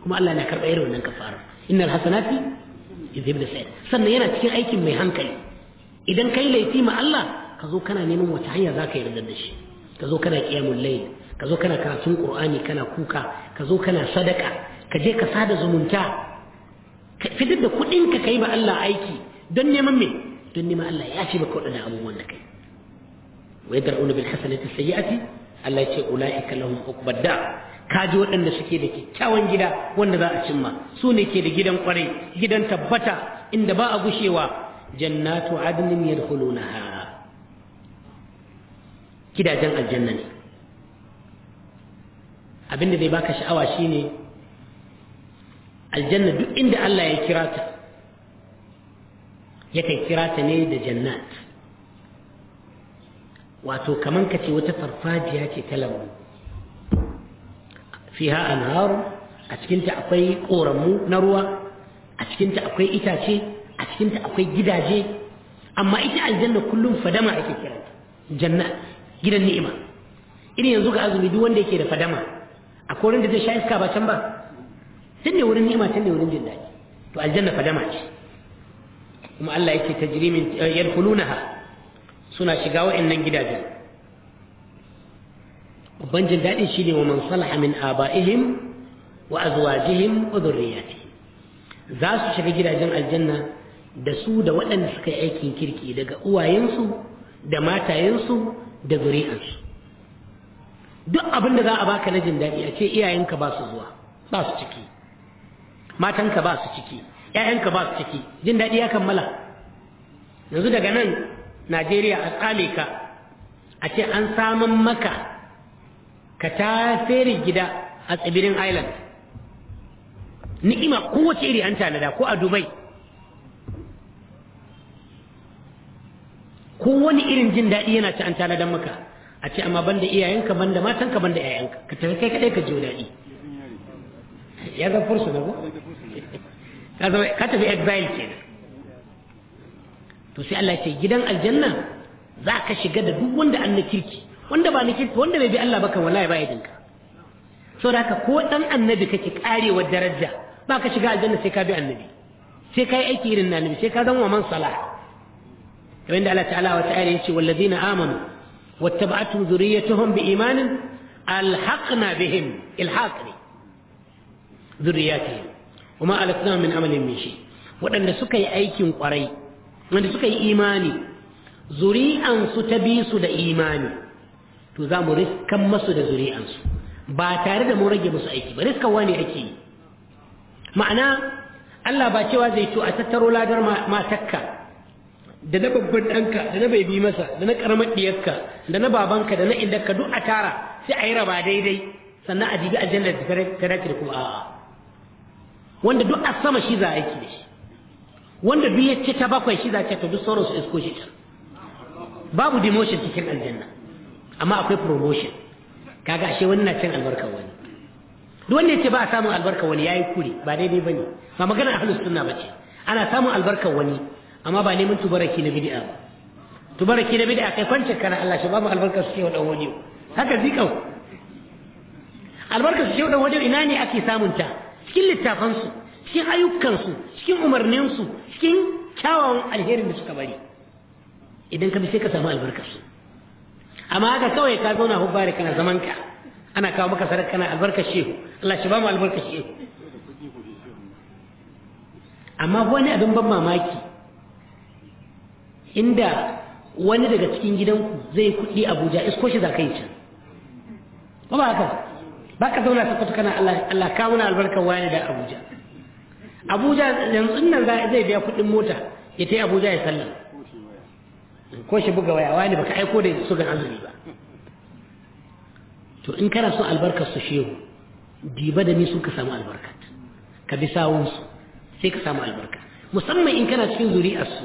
kuma Allah na karɓa irin wannan kafara innal hasanati da sayyi'at sannan yana cikin aikin mai hankali idan kai laifi ma Allah ka zo kana neman wata hanya za ka yarda da shi ka zo kana ƙiyamun layi ka zo kana karatun ƙur'ani kana kuka ka zo kana sadaka ka je ka sada zumunta ka fitar da kuɗin ka kai ba Allah aiki don neman me don neman Allah ya ce maka waɗanda abubuwan da kai wa yadra'una bil ta sayyi'ati Allah ya ce ulaika lahum uqbad da kaji waɗanda suke da kyakkyawan gida wanda za a cimma su ne ke da gidan kwarai gidan tabbata inda ba a gushewa jannatu adnin yadkhulunaha gidajen aljanna ne abinda zai baka sha'awa shine aljanna duk inda Allah ya kira ta yakan kira ta ne da jannat wato kaman ka ce wata farfajiya ce ta lambu fiha anharu a cikinta akwai ƙoramu na ruwa a cikinta akwai itace a cikinta akwai gidaje amma ita aljanna kullum fadama ake kiranta jannat gidan ni'ima irin yanzu ga azumi duk wanda yake da fadama a korin da zai sha iska ba can ba can ne wurin ni'ima can ne wurin jin daɗi to aljanna fadama ce kuma Allah yake tajrimin eh, yadkhulunaha suna shiga wa'annan gidaje babban jin daɗi shine wa man salaha min aba'ihim wa azwajihim wa dhurriyyatihim za su shiga gidajen aljanna da su da waɗanda suka yi aikin kirki daga uwayensu da matayensu da zuri'ansu duk abin da za a baka na jin daɗi a ce iyayenka ba su zuwa ba su ciki matanka ba su ciki ‘ya'yanka ba su ciki jin daɗi ya kammala yanzu daga nan najeriya a tsale ka a ce an samun maka ka ta feri gida a tsibirin island ni'ima kowace iri an tanada ko a dubai ko wani irin jin daɗi yana ci an tanadan maka a ce amma banda iyayenka banda matanka banda iyayenka ka tafi kai kadai ka ji daɗi ya zama fursu na ko ka tafi exile ke to sai Allah ce gidan aljanna za ka shiga da duk wanda an na kirki wanda ba na kirki wanda bai bi Allah baka wallahi ba ya dinka saboda haka ko dan annabi kake karewa daraja ba ka shiga aljanna sai ka bi annabi sai ka yi aiki irin na annabi sai ka zama man salah kamar yadda Allah ta'ala wata ayar yace wallazina amanu wattaba'atuhum dhurriyyatuhum biimanin alhaqna bihim ilhaq ne dhurriyyatihim wama alatna min amalin min shi waɗanda suka yi aikin kwarai wanda suka yi imani zuri'ansu ta bi su da imani to za mu riskan masu da zuri'ansu ba tare da mu rage musu aiki ba riskan wani ake yi ma'ana Allah ba cewa zai to a tattaro ladar matakka da na babban ɗanka da na bai bi masa da na ƙaramar ɗiyarka da na babanka da na indarka duk a tara sai a yi raba daidai sannan a jibi aljanna ta dace da kuma a'a wanda duk a sama shi za a aiki da shi wanda duk ya ci ta bakwai shi za a ta duk sauran su isko shi can babu demotion cikin aljanna amma akwai promotion kaga ashe wani na cin albarkar wani duk wanda ya ce ba a samun albarkar wani ya yi kuri ba daidai ba ne ba magana ahlus sunna ba ce ana samun albarkar wani amma ba neman tubaraki na bid'a ba tubaraki na bid'a kai kwance kana Allah shi ba mu albarka su ce wa dan waje haka zikau albarka su ce wa dan waje ina ne ake samun ta cikin littafan su cikin ayyukan su cikin umarnin su cikin kyawawan alherin da suka bari idan ka bi sai ka samu albarkar su amma haka kawai ka zauna hubbari kana zaman ka ana kawo maka sadaka kana albarka shehu Allah shi ba mu albarkar shehu amma wani abin ban mamaki inda wani daga cikin gidanku zai kuɗi abuja isko shi za ka yi can ba ba haka ba ka zauna ta kwata kana allah kawo na albarkar wani da abuja abuja yanzu nan zai biya kuɗin mota ya ta yi abuja ya sallan ko shi buga waya wani baka aiko da su ga azumi ba to in kana son albarkar su shehu diba da ni sun ka samu albarka ka bi sawunsu sai ka samu albarka musamman in kana cikin zuri'ar su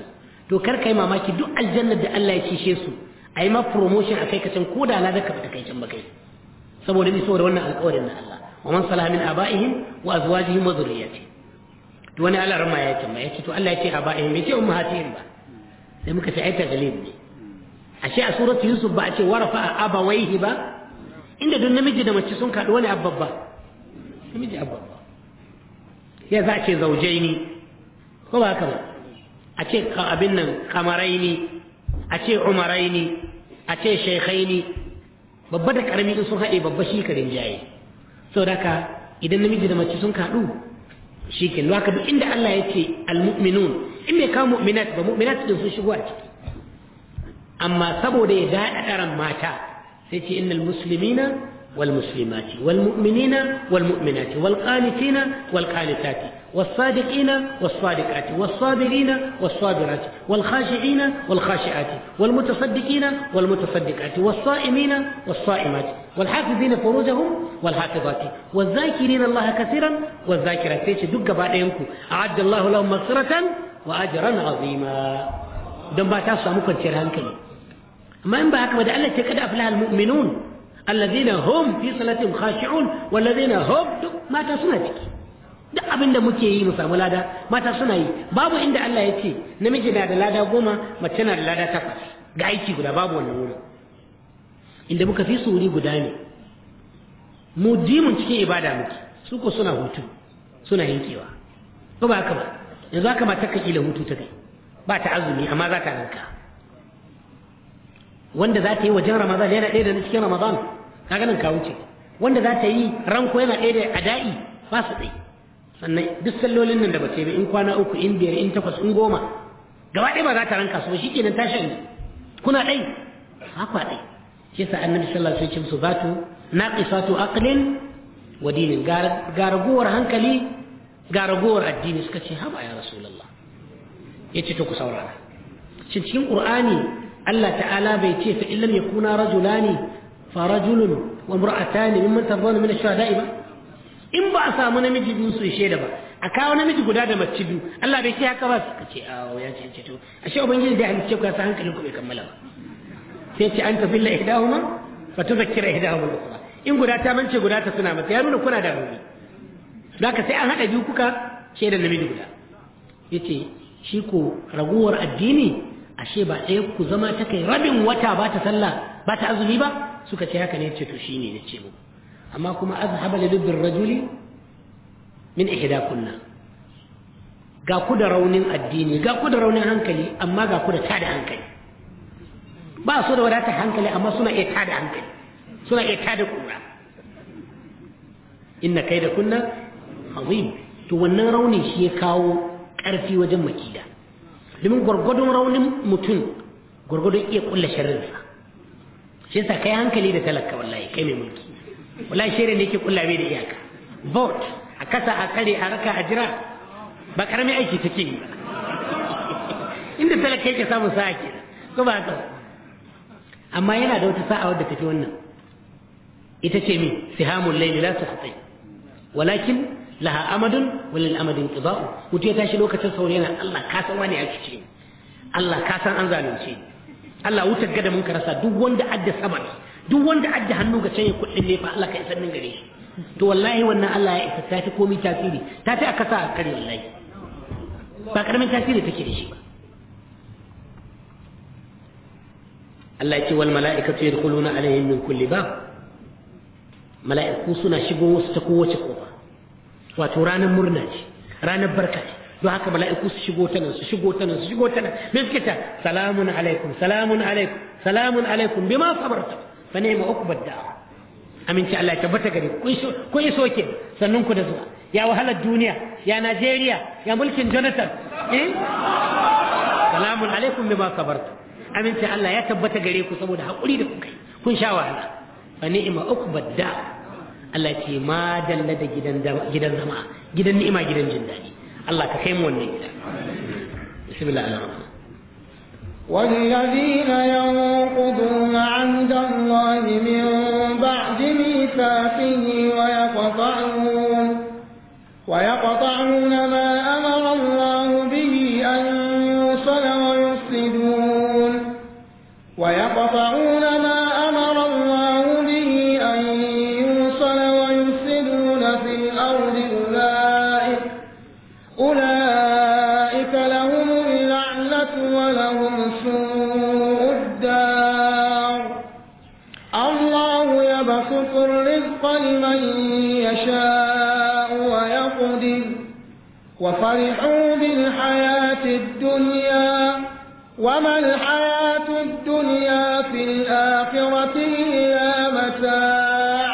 to kar kai mamaki duk aljannar da Allah ya cishe su a yi ma promotion a kai ka can ko da na zaka fita kai can ba kai saboda ni saboda wannan alƙawarin na Allah wa man salaha min aba'ihim wa azwajihim wa dhurriyyati to wani Allah rama ya ce ma ya ce to Allah ya ce aba'ihim ya ce ummahatihim ba sai muka ce aita galib ne ashe a suratu yusuf ba a ce warafa abawaihi ba inda duk namiji da mace sun kaɗu wani ba namiji abbabba ya za a ce zaujaini ko ba haka ba a ce abin nan kamaraini a ce ne a ce ne babba da karami in sun haɗe babba shi karin jaye da haka idan namiji da mace sun kaɗu shi ke haka duk inda Allah ya ce almu'minun in bai kawo mu'minat ba mu'minat din sun shigo a ciki amma saboda ya daɗa ran mata sai ce innal muslimina wal muslimati wal mu'minina wal mu'minati wal qanitina wal qanitati والصادقين والصادقات والصابرين والصابرات والخاشعين والخاشعات والمتصدقين والمتصدقات والصائمين والصائمات والحافظين فروجهم والحافظات والذاكرين الله كثيرا والذاكرات تيجي دق بعد أعد الله لهم مغفرة وأجرا عظيما دم باتاسا ممكن تيرهان كلي ما إن بدأ الله تكد أفلها المؤمنون الذين هم في صلاتهم خاشعون والذين هم ما تصنعتك duk abin da muke yi mu samu lada mata suna yi babu inda Allah ya ce namiji na da lada goma mace na da lada takwas ga aiki guda babu wani wuri inda muka fi su wuri guda ne mu dimun cikin ibada muke su ko suna hutu suna yankewa ko ba haka ba yanzu haka mata ka kila hutu ta kai ba ta azumi amma za ta ranka wanda za ta yi wajen ramadan yana ɗaya da cikin ramadan ka ganin ka wuce wanda za ta yi ranko yana ɗaya da ada'i ba su ɗaya sannan duk sallolin nan da ba ta yi in kwana uku in biyar in takwas in goma gaba ɗaya ba za ta ranka su ba shi kenan tashin kuna ɗai haka ɗai shi sa annabi sallallahu alaihi wasallam su batu naqisatu aqlin wa dinin ga hankali ga addini suka ce haba ya rasulullah yace to ku saurara shin cikin qur'ani Allah ta'ala bai ce fa illam yakuna rajulani fa rajulun wa imra'atani mimman tardana min ash-shuhada'i ba in ba a samu namiji biyu sun shaida ba a kawo namiji guda da mace biyu Allah bai ce ba su ce awo ya ce ce to ashe ubangiji da halicce ku sa hankalin ku bai kammala ba sai ce an tafi la ihdahuma fa tuzakkira ihdahuma in guda ta mance guda ta tuna mata ya nuna kuna da rauni zaka sai an hada biyu kuka shaida namiji guda yace shi ko raguwar addini ashe ba ɗaya ku zama ta kai rabin wata ba ta sallah ba ta azumi ba suka ce haka ne ce to shine ne ce muku أما كما أذهب لدب الرجل من إحدى كنا قا كود رونين الديني قا كود رونين هنكلي أما قا كود تعد هنكلي با صورة ورات هنكلي أما صورة إيه إتعد هنكلي صورة إيه إتعد كورا إن كيد كنا عظيم تونا روني شيء كاو كرفي وجم مكيدا لمن غرغدون روني متن غرغدون إيه كل شرنسا شنسا كي هنكلي ده تلك والله كي ممكن wala shirin da yake kulla da iyaka vote a kasa a kare a raka a jira ba karamin aiki take yi inda talaka yake samun sa'a ke ko ba haka amma yana da wata sa'a wadda tafi wannan ita ce me sihamul layli la tuhti walakin laha amadun walil amadin qida'u mutu ya tashi lokacin sauri yana Allah ka san wani ake ce Allah ka san an zalunce Allah wutar gada mun karasa duk wanda adda sabar duk wanda adda hannu ga canye kuɗin ne fa Allah ka isa nan gare shi to wallahi wannan Allah ya isa ta fi komi tasiri ta fi a kasa a kare wallahi ba karamin tasiri take da shi ba Allah ya ce wal mala'ikatu yadkhuluna alaihim min kulli bab mala'iku suna shigo wasu ta kowace kofa wato ranar murna ce ranar barka ce don haka mala'iku su shigo ta nan su shigo ta nan su shigo ta nan me suke ta salamun alaikum salamun alaikum salamun alaikum bima sabarta fa ne ma ukbar da'a aminci Allah ya tabbata gare ku kun yi soke sannan ku da zuwa ya wahalar duniya ya Najeriya ya mulkin Jonathan eh salamun alaikum bima sabartu aminci Allah ya tabbata gare ku saboda hakuri da kuka kun sha wahala fa ma ukbar da'a Allah ce ma dalla da gidan gidan zama gidan ni'ima gidan jin daɗi Allah ka kai mu wannan gida bismillahir rahmanir والذين ينقضون عهد الله من بعد ميثاقه ويقطعون ويقطعون ما أمر الله به أن يوصل ويفسدون ويقطعون فَرِحُوا بالحياة الدنيا وما الحياة الدنيا في الآخرة إلا متاع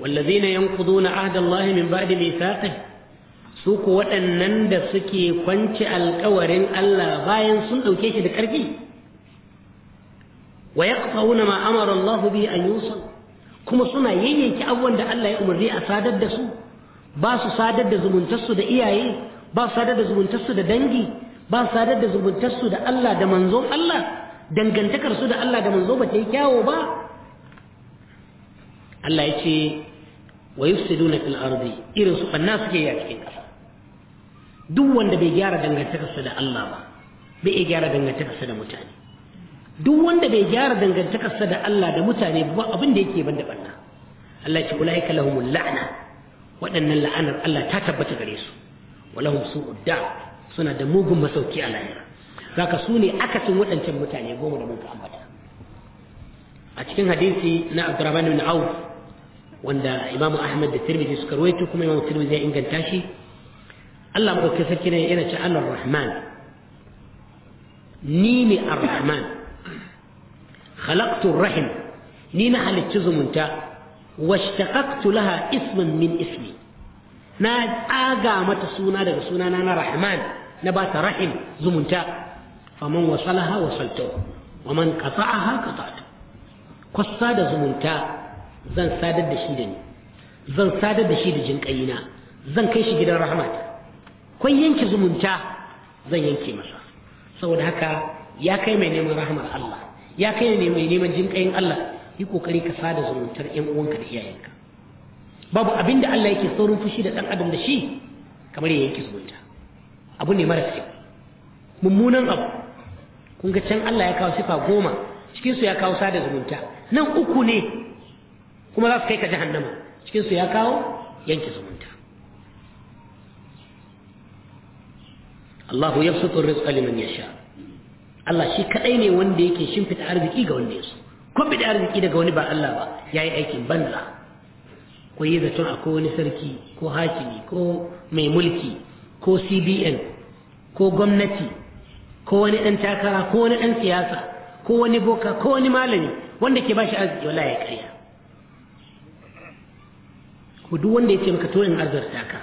والذين ينقضون عهد الله من بعد ميثاقه سوكو وأنن دسكي كونش القورين ألا باين سنو كيش دكاركي ويقطعون ما أمر الله به أن يوصل kuma suna yayyanki abubuwan da Allah ya umarni a sadar da su ba su ba sadar da zumuntarsu da dangi ba sadar da zumuntarsu da Allah da manzon Allah dangantakarsu da Allah da manzo ba ta yi kyawo ba Allah ya ce wa yufsiduna fil ardi irin su fanna suke yi a cikin ƙasa duk wanda bai gyara dangantakarsa da Allah ba bai iya gyara dangantakarsa da mutane duk wanda bai gyara dangantakarsa da Allah da mutane ba abin da yake banda banna Allah ya ce ulaika lahumul la'na waɗannan la'anar Allah ta tabbata gare su walahum su'ud da suna da mugun masauki a lahira zaka su ne akasin waɗancan mutane goma da muka ambata a cikin hadisi na Abdurrahman ibn Auf wanda Imam Ahmad da Tirmidhi suka rawaito kuma Imam Tirmidhi ya inganta shi Allah maka sarki ne yana ce Allah Rahman ni ne Ar-Rahman khalaqtu rahim ni na halicci zumunta washtaqaqtu laha isman min ismi na tsaga mata suna daga sunana na rahman na ba ta rahim zumunta faman wasalaha wasalta wa man qata'aha qata'tu kwasa da zumunta zan sadar da shi da ni zan sadar da shi da kaina zan kai shi gidan rahmat kwai yanke zumunta zan yanke masa saboda haka ya kai mai neman rahmar Allah ya kai mai neman jinƙayin Allah yi kokari ka sada zumuntar yan uwanka da iyayenka babu abin da Allah yake saurin fushi da ɗan adam da shi kamar ya yanke zumunta abu ne mara kyau mummunan abu kun ga can Allah ya kawo sifa goma cikin su ya kawo sada zumunta nan uku ne kuma za su kai ka jahannama cikin su ya kawo yanke zumunta Allahu yabsutu rizqa liman yasha Allah shi kadai ne wanda yake shimfita arziki ga wanda ya so ko bi arziki daga wani ba Allah ba yayi aikin banza ku yi zaton akwai wani sarki ko hakimi ko mai mulki ko cbn ko gwamnati ko wani ɗan takara ko wani ɗan siyasa ko wani boka ko wani malami wanda ke bashi arziki wala ya karya ko duk wanda ya ce maka to in azarta ka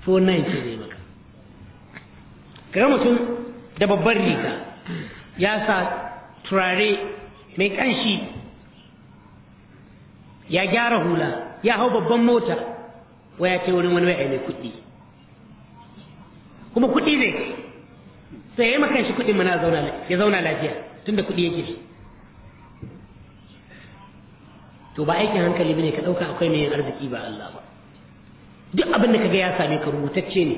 fo ce zai maka kaga mutum da babbar riga ya sa turare mai kanshi ya gyara hula ya hau babban mota waya ce wurin wani waya mai kuɗi kuma kuɗi zai ce sai ya makan shi kuɗi mana ya zauna lafiya tunda kuɗi yake to ba aikin hankali bane ka ɗauka akwai mai yin arziki ba Allah ba duk abin da kaga ya same ka rubutacce ne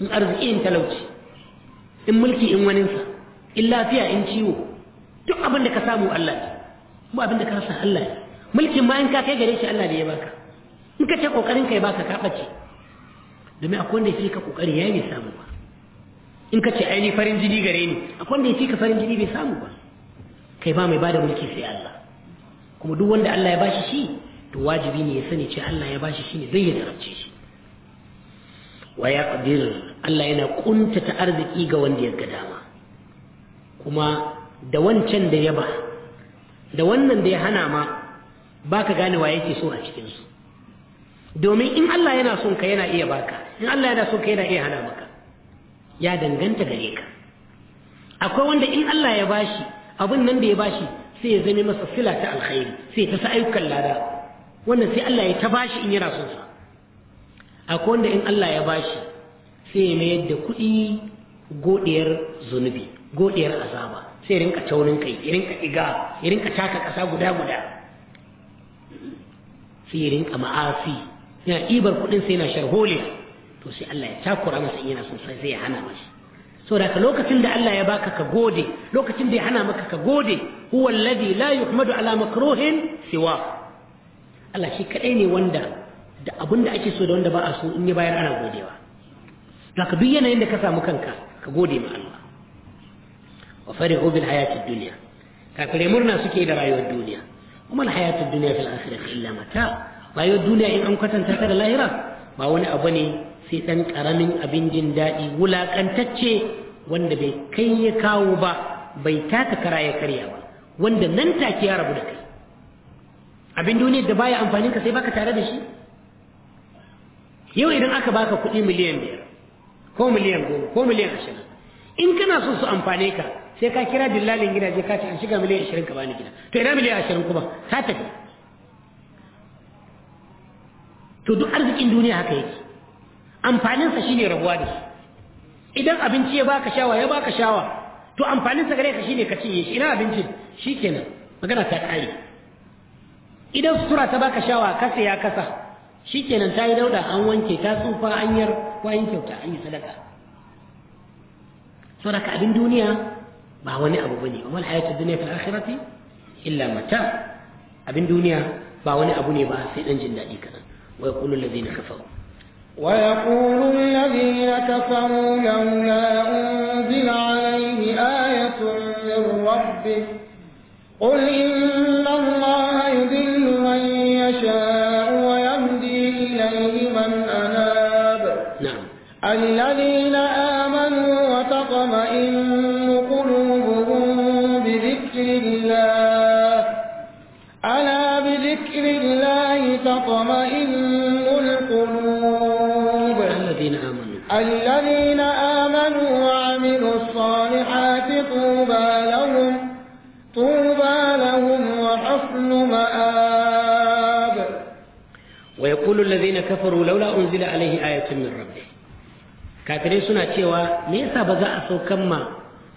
in arziki in talauci in mulki in waninsa in lafiya in ciwo duk abin da ka samu Allah ne ba abin da ka rasa Allah ne mulkin ma in ka kai gare shi Allah da ya baka in ka ce kokarin kai baka ka bace domin akwai wanda ya fi ka kokari ya bai samu ba in ka ce aini farin jini gare ni akwai wanda ya fi ka farin jini bai samu ba kai ba mai bada mulki sai Allah kuma duk wanda Allah ya bashi shi to wajibi ne ya sani ce Allah ya bashi shi ne zai ya zarce shi wa yaqdir Allah yana ta arziki ga wanda ya ga dama kuma da wancan da ya ba da wannan da ya hana ma ba ka gane wa yake so a cikinsu domin in Allah yana son ka yana iya baka in Allah yana son ka yana iya hana maka ya danganta gare ka akwai wanda in Allah ya bashi abin nan da ya bashi sai ya zame masa sila ta alkhairi sai ta sa ayyukan lada wannan sai Allah ya ta bashi in yana son sa akwai wanda in Allah ya bashi sai ya mayar da kuɗi godiyar zunubi godiyar azaba sai rinka taurin kai rinka iga rinka taka ƙasa guda guda sai ya rinka ma'asi yana ɗibar kuɗin sai yana sharholi to sai Allah ya takura masa in yana so sai ya hana masa So ka lokacin da Allah ya baka ka gode lokacin da ya hana maka ka gode huwa alladhi la yuhmadu ala makruhin siwa Allah shi kadai ne wanda da abin ake so da wanda ba a so in ya bayar ana godewa da ka duk yanayin da ka samu kanka ka gode ma Allah wa farihu bil hayati dunya kafirai murna suke da rayuwar duniya kuma alhayatul duniya fil akhirati illa mata rayuwar duniya in an kwatanta ta da lahira ba wani abu ne sai dan karamin abin jin daɗi wulakantacce wanda bai kai ya kawo ba bai taka kara ya karya ba wanda nan take ya rabu da kai abin duniya da baya amfanin ka sai baka tare da shi yau idan aka baka kuɗi miliyan biyar ko miliyan goma ko miliyan ashirin in kana so su amfane ka sai ka kira dillalin gidaje ka ce an shiga miliyan ashirin ka bani gida to ina miliyan ashirin kuma ta tafi to duk arzikin duniya haka yake amfaninsa shine rabuwa da shi idan abinci ya baka shawa ya baka shawa to amfaninsa gare ka shine ka cinye shi ina abincin shikenan magana ta kare idan sutura ta baka shawa kasa ya kasa shikenan ta yi dauda an wanke ta tsufa anyar yar kwayin kyauta an yi sadaka saboda abin duniya ما هو نأبو بني وما الحياة الدنيا في الآخرة إلا متاع أبن دنيا ما هو نأبو بني بأسين أنجن ذلك ويقول الذين كفروا ويقول الذين كفروا لولا أنزل عليه آية من ربه قل إن مآب ويقول الذين كفروا لولا أنزل عليه آية من ربه كافرين سنة شوى ليس بزاء سو كما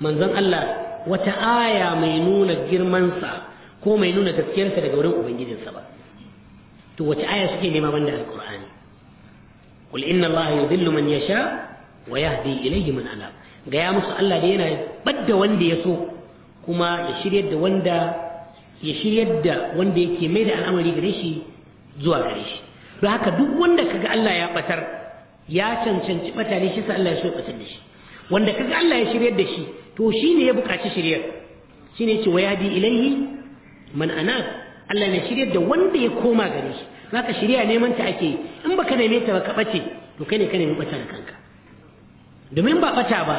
من زن الله وتآية مينونة جرمانسا كو مينونة تذكيرسة لقورين أبنجد سبا تو وتآية سكي لما بند القرآن قل إن الله يذل من يشاء ويهدي إليه من أناب gaya musu Allah da yana badda wanda ya so kuma ya shiryar da wanda ya shiryar da wanda yake mai da al'amari gare shi zuwa gare shi don haka duk wanda kaga Allah ya batar ya cancanci batare shi sa Allah ya so batar da shi wanda kaga Allah ya shiryar da shi to shi ne ya buƙaci shiryar shi ne ce wa yadi ilaihi man ana Allah ne shiryar da wanda ya koma gare shi zaka shirya neman ta ake in baka neme ta ba ka bace to kai ne ka nemi bata da kanka domin ba bata ba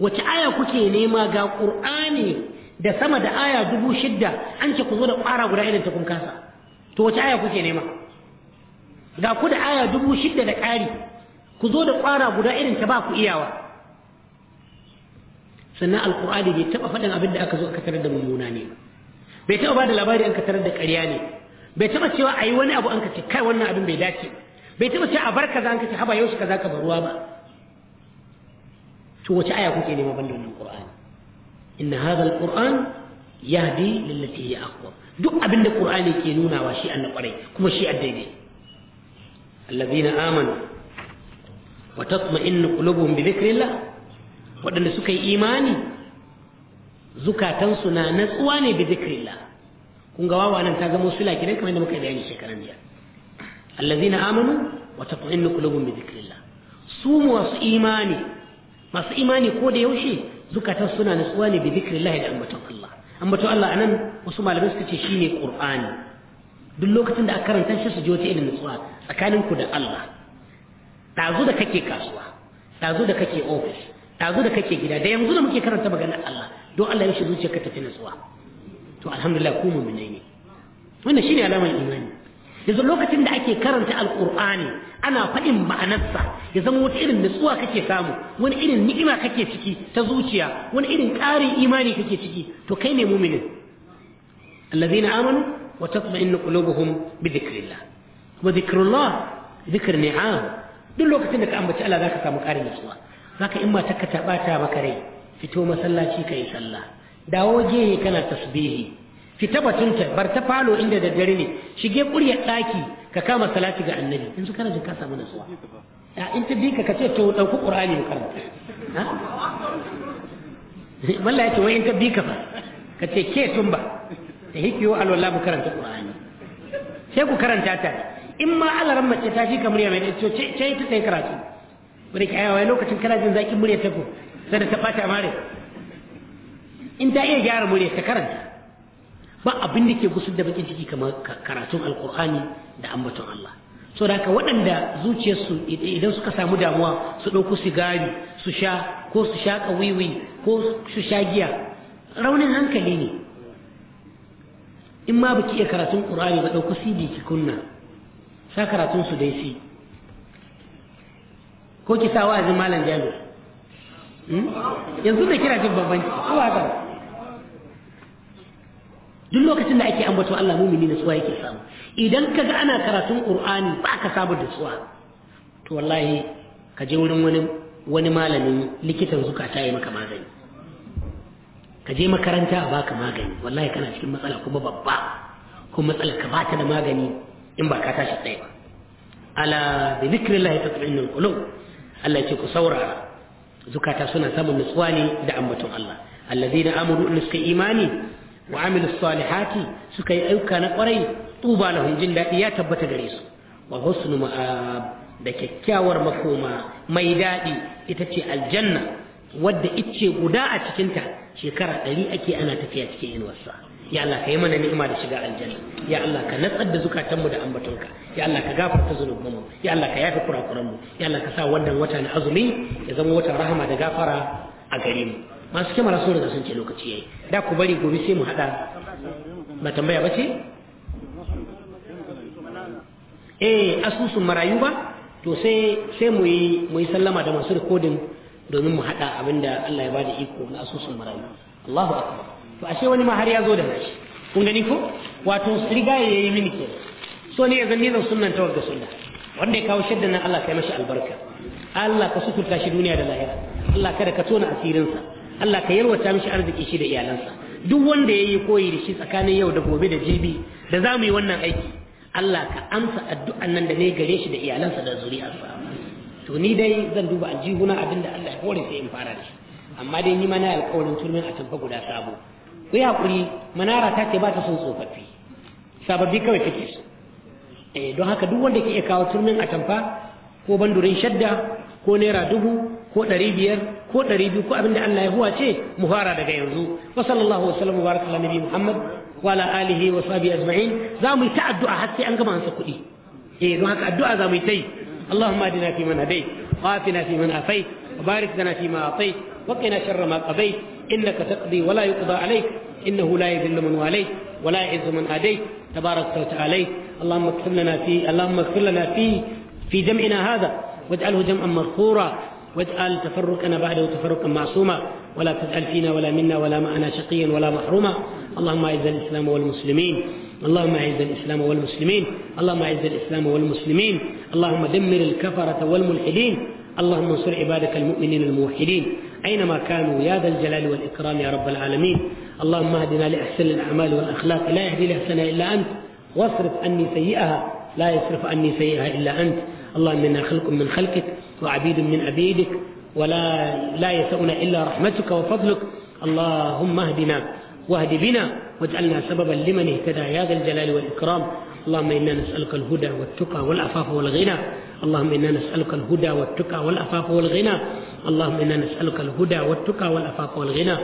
wace aya kuke nema ga qur'ani da sama da aya dubu shidda an ce ku zo da ƙwara guda irin ta kun kasa to wace aya kuke nema ga ku da aya dubu shidda da ƙari ku zo da ƙwara guda irin ta ba ku iyawa sannan alƙur'ani bai taɓa faɗin abin da aka zo aka tarar da mummuna ne bai taɓa ba da labari an ka tarar da ƙarya ne bai taɓa cewa a yi wani abu an ka ce kai wannan abin bai dace bai taɓa cewa a bar kaza an ka ce haba yau shi kaza ka bar ruwa ba to wace aya kuke nema ban da wannan ƙur'ani inna hadha alquran yahdi lillati hiya aqwa duk abinda qur'ani ke nunawa wa shi Allah kwarai kuma shi addaidai alladhina amanu wa tatma'innu qulubuhum bi dhikrillah wadanda suka yi imani zukatansu na natsuwa ne bi dhikrillah kun ga wawa nan ta zama sula kidan kamar da muka bayani shekaran jiya alladhina amanu wa tatma'innu bi su imani masu imani ko da yaushe zukatan suna nutsuwa ne bi zikrillah da ambaton Allah ambaton Allah nan wasu malamai suka ce shi ne Qur'ani duk lokacin da aka karanta shi su ji wata irin nutsuwa tsakanin ku da Allah ɗazu da kake kasuwa ɗazu da kake office ɗazu da kake gida da yanzu da muke karanta maganar Allah don Allah ya shi zuciyarka tafi nutsuwa to alhamdulillah ku mu'minai ne wannan shine alamar imani yanzu lokacin da ake karanta Alkur'ani ana faɗin ma'anarsa ya zama wata irin nutsuwa kake samu wani irin ni'ima kake ciki ta zuciya wani irin ƙarin imani kake ciki to kai ne muminin allazina amanu wa tatma'innu qulubuhum bi dhikrillah wa dhikrullah dhikr ni'am duk lokacin da ka ambaci Allah zaka samu ƙarin nutsuwa zaka in matarka ta bata maka rai fito masallaci kai sallah dawo gehe kana tasbihi fita batunta bar ta falo inda da dare ne shige kuryar daki ka kama salati ga annabi Yanzu su kana jin ka samu nasuwa a in ta bika ka ce to dauki qur'ani mu karanta wallahi ce wai in ta bika fa ka ce ke tun ba ta hikiyo alwala mu karanta qur'ani sai ku karanta ta in ma alaran mace ta shi kamar mai to ce ce ta sai karatu wani ki ayawa lokacin kana jin zakin murya ta ku? sai da ta fata mare in ta iya gyara murya ta karanta ba abin da ke gusur da bakin ciki kamar karatun alkur'ani da ambaton Allah so da haka waɗanda zuciyarsu idan suka samu damuwa su ɗauku sigari su sha ko su sha ƙawiwi ko su sha giya raunin hankali ne in ma baki iya karatun ƙur'ani ba ɗauko cd ki kunna sha karatun su dai si ko ki sa wa'azin malam jami'a hmm? yanzu da kira jin bambanci ko ba duk lokacin da ake ambaton Allah mumini nutsuwa yake samu idan ka ga ana karatun Qur'ani ba ka samu nutsuwa to wallahi ka je wurin wani wani malamin likitan zukata ya maka magani ka je makaranta a baka magani wallahi kana cikin matsala kuma babba kuma matsala ka bata da magani in ba ka tashi tsaye ba ala bi zikrillah tatma'innul qulub Allah ya ce ku saurara zukata suna samun nutsuwa ne da ambaton Allah allazina amanu in suka imani wa amilu salihati suka yi ayyuka na kwarai duba lahum jin daɗi ya tabbata gare su wa husnu ma'ab da kyakkyawar makoma mai daɗi ita ce aljanna wadda icce guda a cikinta shekara ɗari ake ana tafiya cikin inuwarsa ya Allah ka yi mana ni'ima da shiga aljanna ya Allah ka natsar da zukatanmu da ambatonka ya Allah ka gafarta zunubanmu ya Allah ka yafi kurakuranmu ya Allah ka sa wannan wata na azumi ya zama watan rahama da gafara a gare mu masu kyamara sun riga sun ce lokaci yayi da ku bari gobe sai mu hada ba tambaya ba ce eh asusun marayu ba to sai sai mu yi mu yi sallama da masu rikodin domin mu hada abinda Allah ya bada iko na asusun marayu Allahu akbar to ashe wani ma har ya zo da shi kun gani ko wato riga yayi mini ke so ne ya zanni da sunnan da sunna wanda ya kawo shaddan nan Allah ya mashi albarka Allah ka sukurta shi duniya da lahira Allah kada ka tona asirinsa Allah ka yarwata mishi arziki shi da iyalansa duk wanda ya yi koyi da shi tsakanin yau da gobe da jibi da za mu yi wannan aiki Allah ka amsa addu'an nan da ne gare shi da iyalansa da zuriyarsa to ni dai zan duba aljihuna abinda Allah ya hore sai in fara da shi amma dai ni ma na alƙawarin turmin a tamfa guda sabo ku yi haƙuri manara ta ce ba ta son tsofaffi sababbi kawai take so eh don haka duk wanda ke iya kawo turmin a tamfa ko bandurin shadda ko naira dubu ko ɗari biyar ko ɗari biyu ko abinda Allah ya huwa ce mu fara daga yanzu wa sallallahu wa sallam baraka ala nabi Muhammad wa ala alihi wa sahbihi ajma'in za mu ta addu'a har sai an gama hansa kuɗi eh don haka addu'a za mu yi ta اللهم اهدنا فيمن هديت وآتنا فيمن عافيت وبارك لنا فيما أعطيت وقنا شر ما قضيت إنك تقضي ولا يقضى عليك إنه لا يذل من واليت ولا يعز من آديت تبارك وتعالى اللهم اغفر لنا في اللهم اغفر لنا في في جمعنا هذا واجعله جمعا مغفورا واجعل تفرقنا بعده تفرقا معصوما ولا تجعل فينا ولا منا ولا معنا شقيا ولا محروما اللهم اعز الاسلام والمسلمين اللهم اعز الاسلام والمسلمين اللهم اعز الاسلام والمسلمين اللهم دمر الكفره والملحدين اللهم انصر عبادك المؤمنين الموحدين اينما كانوا يا ذا الجلال والاكرام يا رب العالمين اللهم اهدنا لاحسن الاعمال والاخلاق لا يهدي لاحسنها الا انت واصرف عني سيئها لا يصرف عني سيئها الا انت اللهم انا خلق من خلقك وعبيد من عبيدك ولا لا يسعنا إلا رحمتك وفضلك اللهم اهدنا واهد بنا واجعلنا سببا لمن اهتدى يا ذا الجلال والإكرام اللهم إنا نسألك الهدى والتقى والأفاف والغنى اللهم إنا نسألك الهدى والتقى والأفاف والغنى اللهم إنا نسألك الهدى والتقى والأفاف والغنى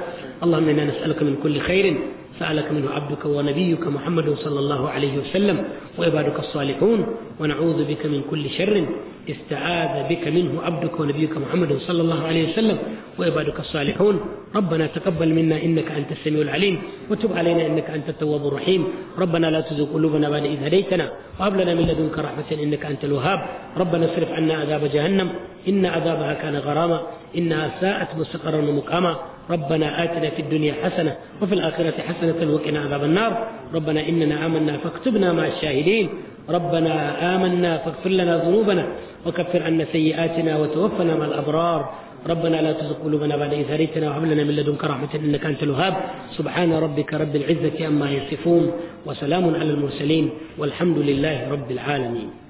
اللهم إنا نسألك من كل خير سألك منه عبدك ونبيك محمد صلى الله عليه وسلم وعبادك الصالحون ونعوذ بك من كل شر استعاذ بك منه عبدك ونبيك محمد صلى الله عليه وسلم وعبادك الصالحون ربنا تقبل منا إنك أنت السميع العليم وتب علينا إنك أنت التواب الرحيم ربنا لا تزغ قلوبنا بعد إذ هديتنا وهب لنا من لدنك رحمة إنك أنت الوهاب ربنا اصرف عنا عذاب جهنم إن عذابها كان غراما إنها ساءت مستقرا ومقاما ربنا آتنا في الدنيا حسنة وفي الآخرة حسنة مغفرة وقنا عذاب النار ربنا إننا آمنا فاكتبنا مع الشاهدين ربنا آمنا فاغفر لنا ذنوبنا وكفر عنا سيئاتنا وتوفنا مع الأبرار ربنا لا تزغ قلوبنا بعد إذ هديتنا وهب لنا من لدنك رحمة إنك أنت الوهاب سبحان ربك رب العزة عما يصفون وسلام على المرسلين والحمد لله رب العالمين